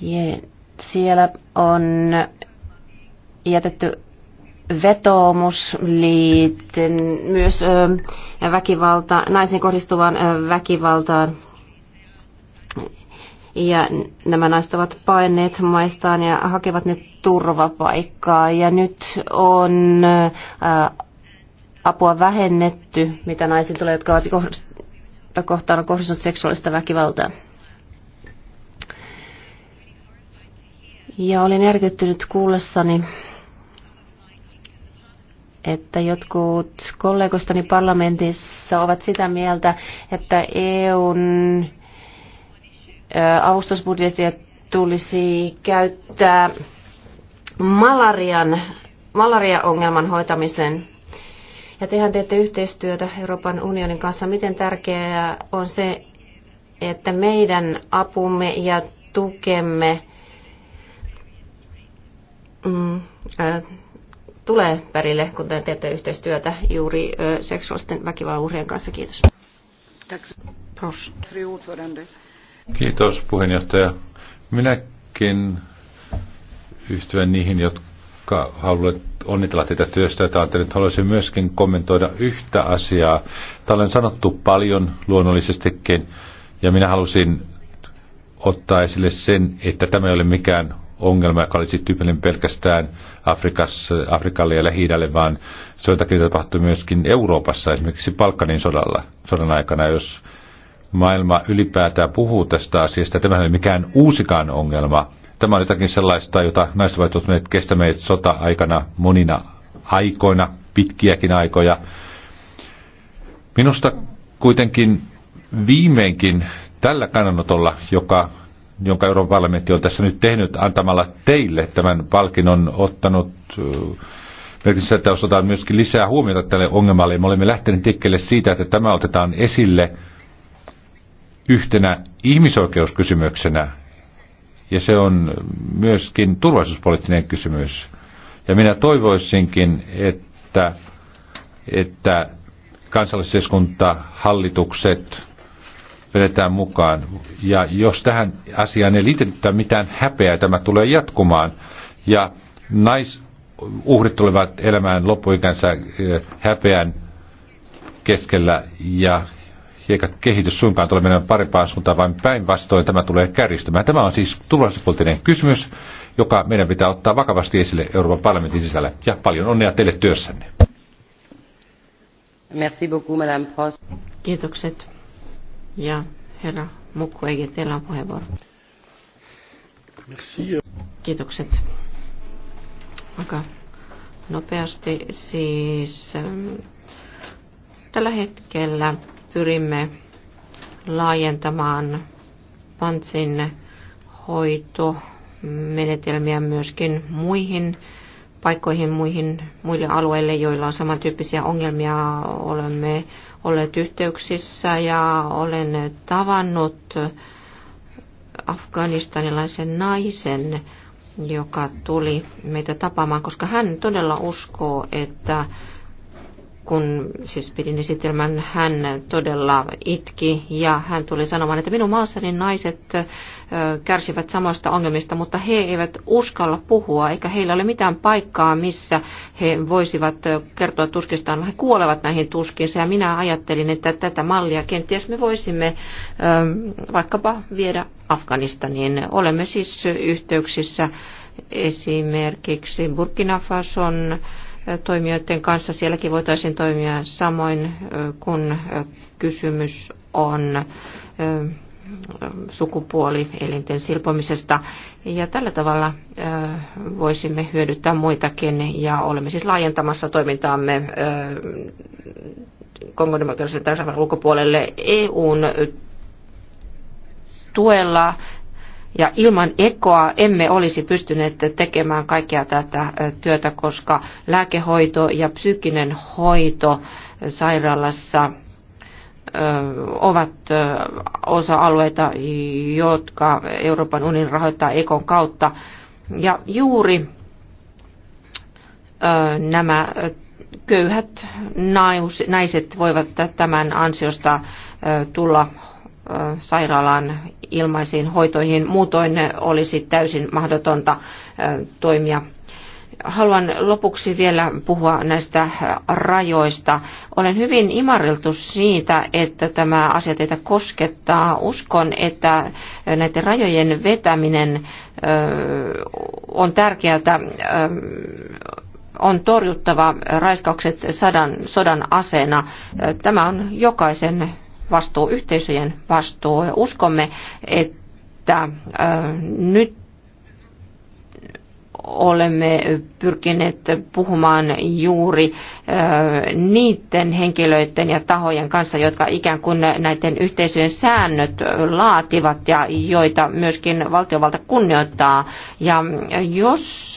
Ja siellä on jätetty vetoomus liitten myös väkivalta, naisiin kohdistuvaan väkivaltaan. Ja nämä naiset ovat paineet maistaan ja hakevat nyt turvapaikkaa. Ja nyt on apua vähennetty, mitä naisiin tulee, jotka ovat kohtaan kohdistunut seksuaalista väkivaltaa. Ja olin järkyttynyt kuullessani, että jotkut kollegostani parlamentissa ovat sitä mieltä, että EUn avustusbudjettia tulisi käyttää malarian, malariaongelman hoitamiseen. Ja tehän teette yhteistyötä Euroopan unionin kanssa. Miten tärkeää on se, että meidän apumme ja tukemme mm, äh, tulee perille, kun te teette yhteistyötä juuri äh, seksuaalisten väkivallan uhrien kanssa. Kiitos. Kiitos puheenjohtaja. Minäkin yhtyen niihin, jotka haluavat onnitella teitä työstä, jota olette nyt. Haluaisin myöskin kommentoida yhtä asiaa. Täällä on sanottu paljon luonnollisestikin, ja minä halusin ottaa esille sen, että tämä ei ole mikään ongelma, joka olisi tyypillinen pelkästään Afrikassa, Afrikalle ja lähi vaan se on takia tapahtui myöskin Euroopassa, esimerkiksi Balkanin sodalla, sodan aikana, jos maailma ylipäätään puhuu tästä asiasta. Tämä ei ole mikään uusikaan ongelma, Tämä on jotakin sellaista, jota naiset ovat joutuneet kestämään sota-aikana monina aikoina, pitkiäkin aikoja. Minusta kuitenkin viimeinkin tällä kannanotolla, joka, jonka Euroopan parlamentti on tässä nyt tehnyt antamalla teille tämän palkinnon ottanut merkitystä, että osataan myöskin lisää huomiota tälle ongelmalle. Me olemme lähteneet liikkeelle siitä, että tämä otetaan esille yhtenä ihmisoikeuskysymyksenä, ja se on myöskin turvallisuuspoliittinen kysymys. Ja minä toivoisinkin, että, että kansalliseskunta hallitukset vedetään mukaan. Ja jos tähän asiaan ei liitetä mitään häpeää, tämä tulee jatkumaan. Ja naisuhrit tulevat elämään loppuikänsä eh, häpeän keskellä ja eikä kehitys suinkaan tule menemään parempaan suuntaan, vaan päinvastoin tämä tulee kärjistymään. Tämä on siis turvallisuuspoliittinen kysymys, joka meidän pitää ottaa vakavasti esille Euroopan parlamentin sisällä. Ja paljon onnea teille työssänne. Merci beaucoup, Madame Prost. Kiitokset. Ja herra eikä teillä on puheenvuoro. Merci. Kiitokset. Aika nopeasti siis ähm, tällä hetkellä pyrimme laajentamaan pantsin hoitomenetelmiä myöskin muihin paikkoihin, muihin, muille alueille, joilla on samantyyppisiä ongelmia. Olemme olleet yhteyksissä ja olen tavannut afganistanilaisen naisen, joka tuli meitä tapaamaan, koska hän todella uskoo, että kun siis pidin esitelmän, hän todella itki ja hän tuli sanomaan, että minun maassani naiset kärsivät samoista ongelmista, mutta he eivät uskalla puhua, eikä heillä ole mitään paikkaa, missä he voisivat kertoa tuskistaan, he kuolevat näihin tuskiinsa. Ja minä ajattelin, että tätä mallia kenties me voisimme vaikkapa viedä Afganistaniin. Olemme siis yhteyksissä esimerkiksi Burkina Fason toimijoiden kanssa. Sielläkin voitaisiin toimia samoin, kun kysymys on sukupuoli elinten silpomisesta. Ja tällä tavalla voisimme hyödyttää muitakin ja olemme siis laajentamassa toimintaamme Kongon tasavallan ulkopuolelle EUn tuella ja ilman ekoa emme olisi pystyneet tekemään kaikkea tätä työtä, koska lääkehoito ja psyykkinen hoito sairaalassa ovat osa-alueita, jotka Euroopan unionin rahoittaa ekon kautta. Ja juuri nämä köyhät naiset voivat tämän ansiosta tulla sairaalaan ilmaisiin hoitoihin. Muutoin olisi täysin mahdotonta toimia haluan lopuksi vielä puhua näistä rajoista. Olen hyvin imariltu siitä, että tämä asia teitä koskettaa. Uskon, että näiden rajojen vetäminen on tärkeää. On torjuttava raiskaukset sadan, sodan aseena. Tämä on jokaisen vastuu, yhteisöjen vastuu. Uskomme, että äh, nyt olemme pyrkineet puhumaan juuri äh, niiden henkilöiden ja tahojen kanssa, jotka ikään kuin näiden yhteisöjen säännöt laativat ja joita myöskin valtiovalta kunnioittaa. Ja jos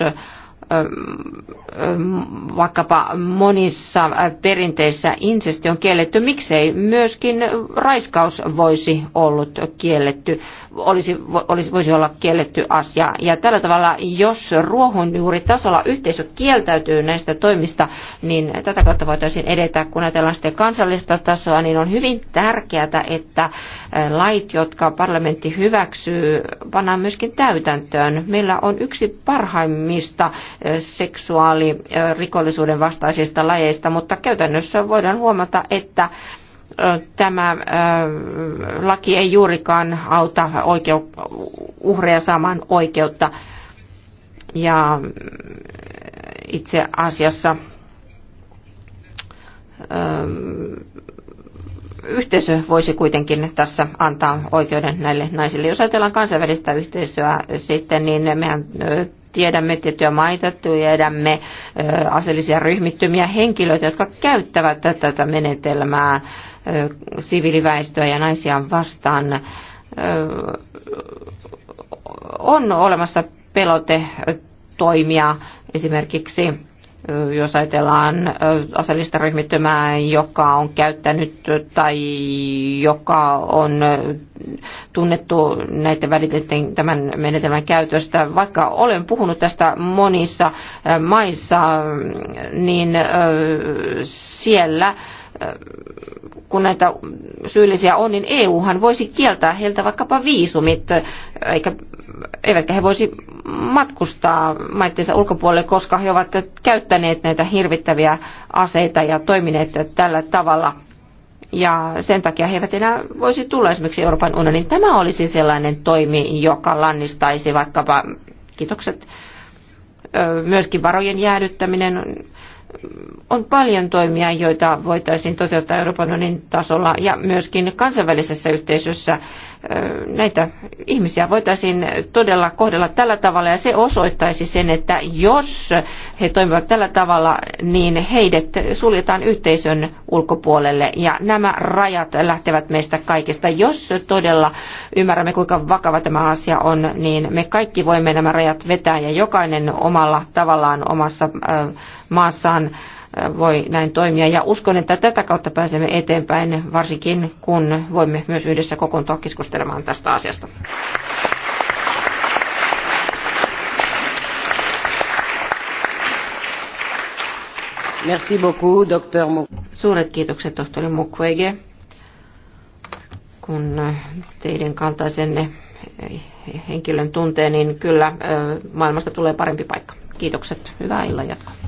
vaikkapa monissa perinteissä insesti on kielletty, miksei myöskin raiskaus voisi ollut kielletty olisi, olisi, voisi olla kielletty asia. Ja tällä tavalla, jos ruohonjuuritasolla yhteisö kieltäytyy näistä toimista, niin tätä kautta voitaisiin edetä. Kun ajatellaan sitten kansallista tasoa, niin on hyvin tärkeää, että eh, lait, jotka parlamentti hyväksyy, pannaan myöskin täytäntöön. Meillä on yksi parhaimmista eh, seksuaalirikollisuuden eh, vastaisista lajeista, mutta käytännössä voidaan huomata, että tämä laki ei juurikaan auta oikeu- uhreja saamaan oikeutta. Ja itse asiassa yhteisö voisi kuitenkin tässä antaa oikeuden näille naisille. Jos ajatellaan kansainvälistä yhteisöä sitten, niin mehän tiedämme tiettyjä maita, tiedämme aseellisia ryhmittymiä henkilöitä, jotka käyttävät tätä menetelmää siviiliväestöä ja naisia vastaan. On olemassa pelote toimia esimerkiksi jos ajatellaan aseellista ryhmittymää, joka on käyttänyt tai joka on tunnettu näiden välitteiden tämän menetelmän käytöstä. Vaikka olen puhunut tästä monissa maissa, mm, niin siellä kun näitä syyllisiä on, niin EUhan voisi kieltää heiltä vaikkapa viisumit, eikä, eivätkä he voisi matkustaa maittensa ulkopuolelle, koska he ovat käyttäneet näitä hirvittäviä aseita ja toimineet tällä tavalla. Ja sen takia he eivät enää voisi tulla esimerkiksi Euroopan unioniin. Tämä olisi sellainen toimi, joka lannistaisi vaikkapa, kiitokset, myöskin varojen jäädyttäminen on paljon toimia, joita voitaisiin toteuttaa Euroopan unionin tasolla ja myöskin kansainvälisessä yhteisössä näitä ihmisiä voitaisiin todella kohdella tällä tavalla ja se osoittaisi sen, että jos he toimivat tällä tavalla, niin heidät suljetaan yhteisön ulkopuolelle ja nämä rajat lähtevät meistä kaikista. Jos todella ymmärrämme, kuinka vakava tämä asia on, niin me kaikki voimme nämä rajat vetää ja jokainen omalla tavallaan omassa maassaan voi näin toimia. Ja uskon, että tätä kautta pääsemme eteenpäin, varsinkin kun voimme myös yhdessä kokoontua keskustelemaan tästä asiasta. Merci beaucoup, docteur Suuret kiitokset, tohtori Mukwege, kun äh, teidän kaltaisenne äh, henkilön tuntee, niin kyllä äh, maailmasta tulee parempi paikka. Kiitokset, hyvää illan jatkoa.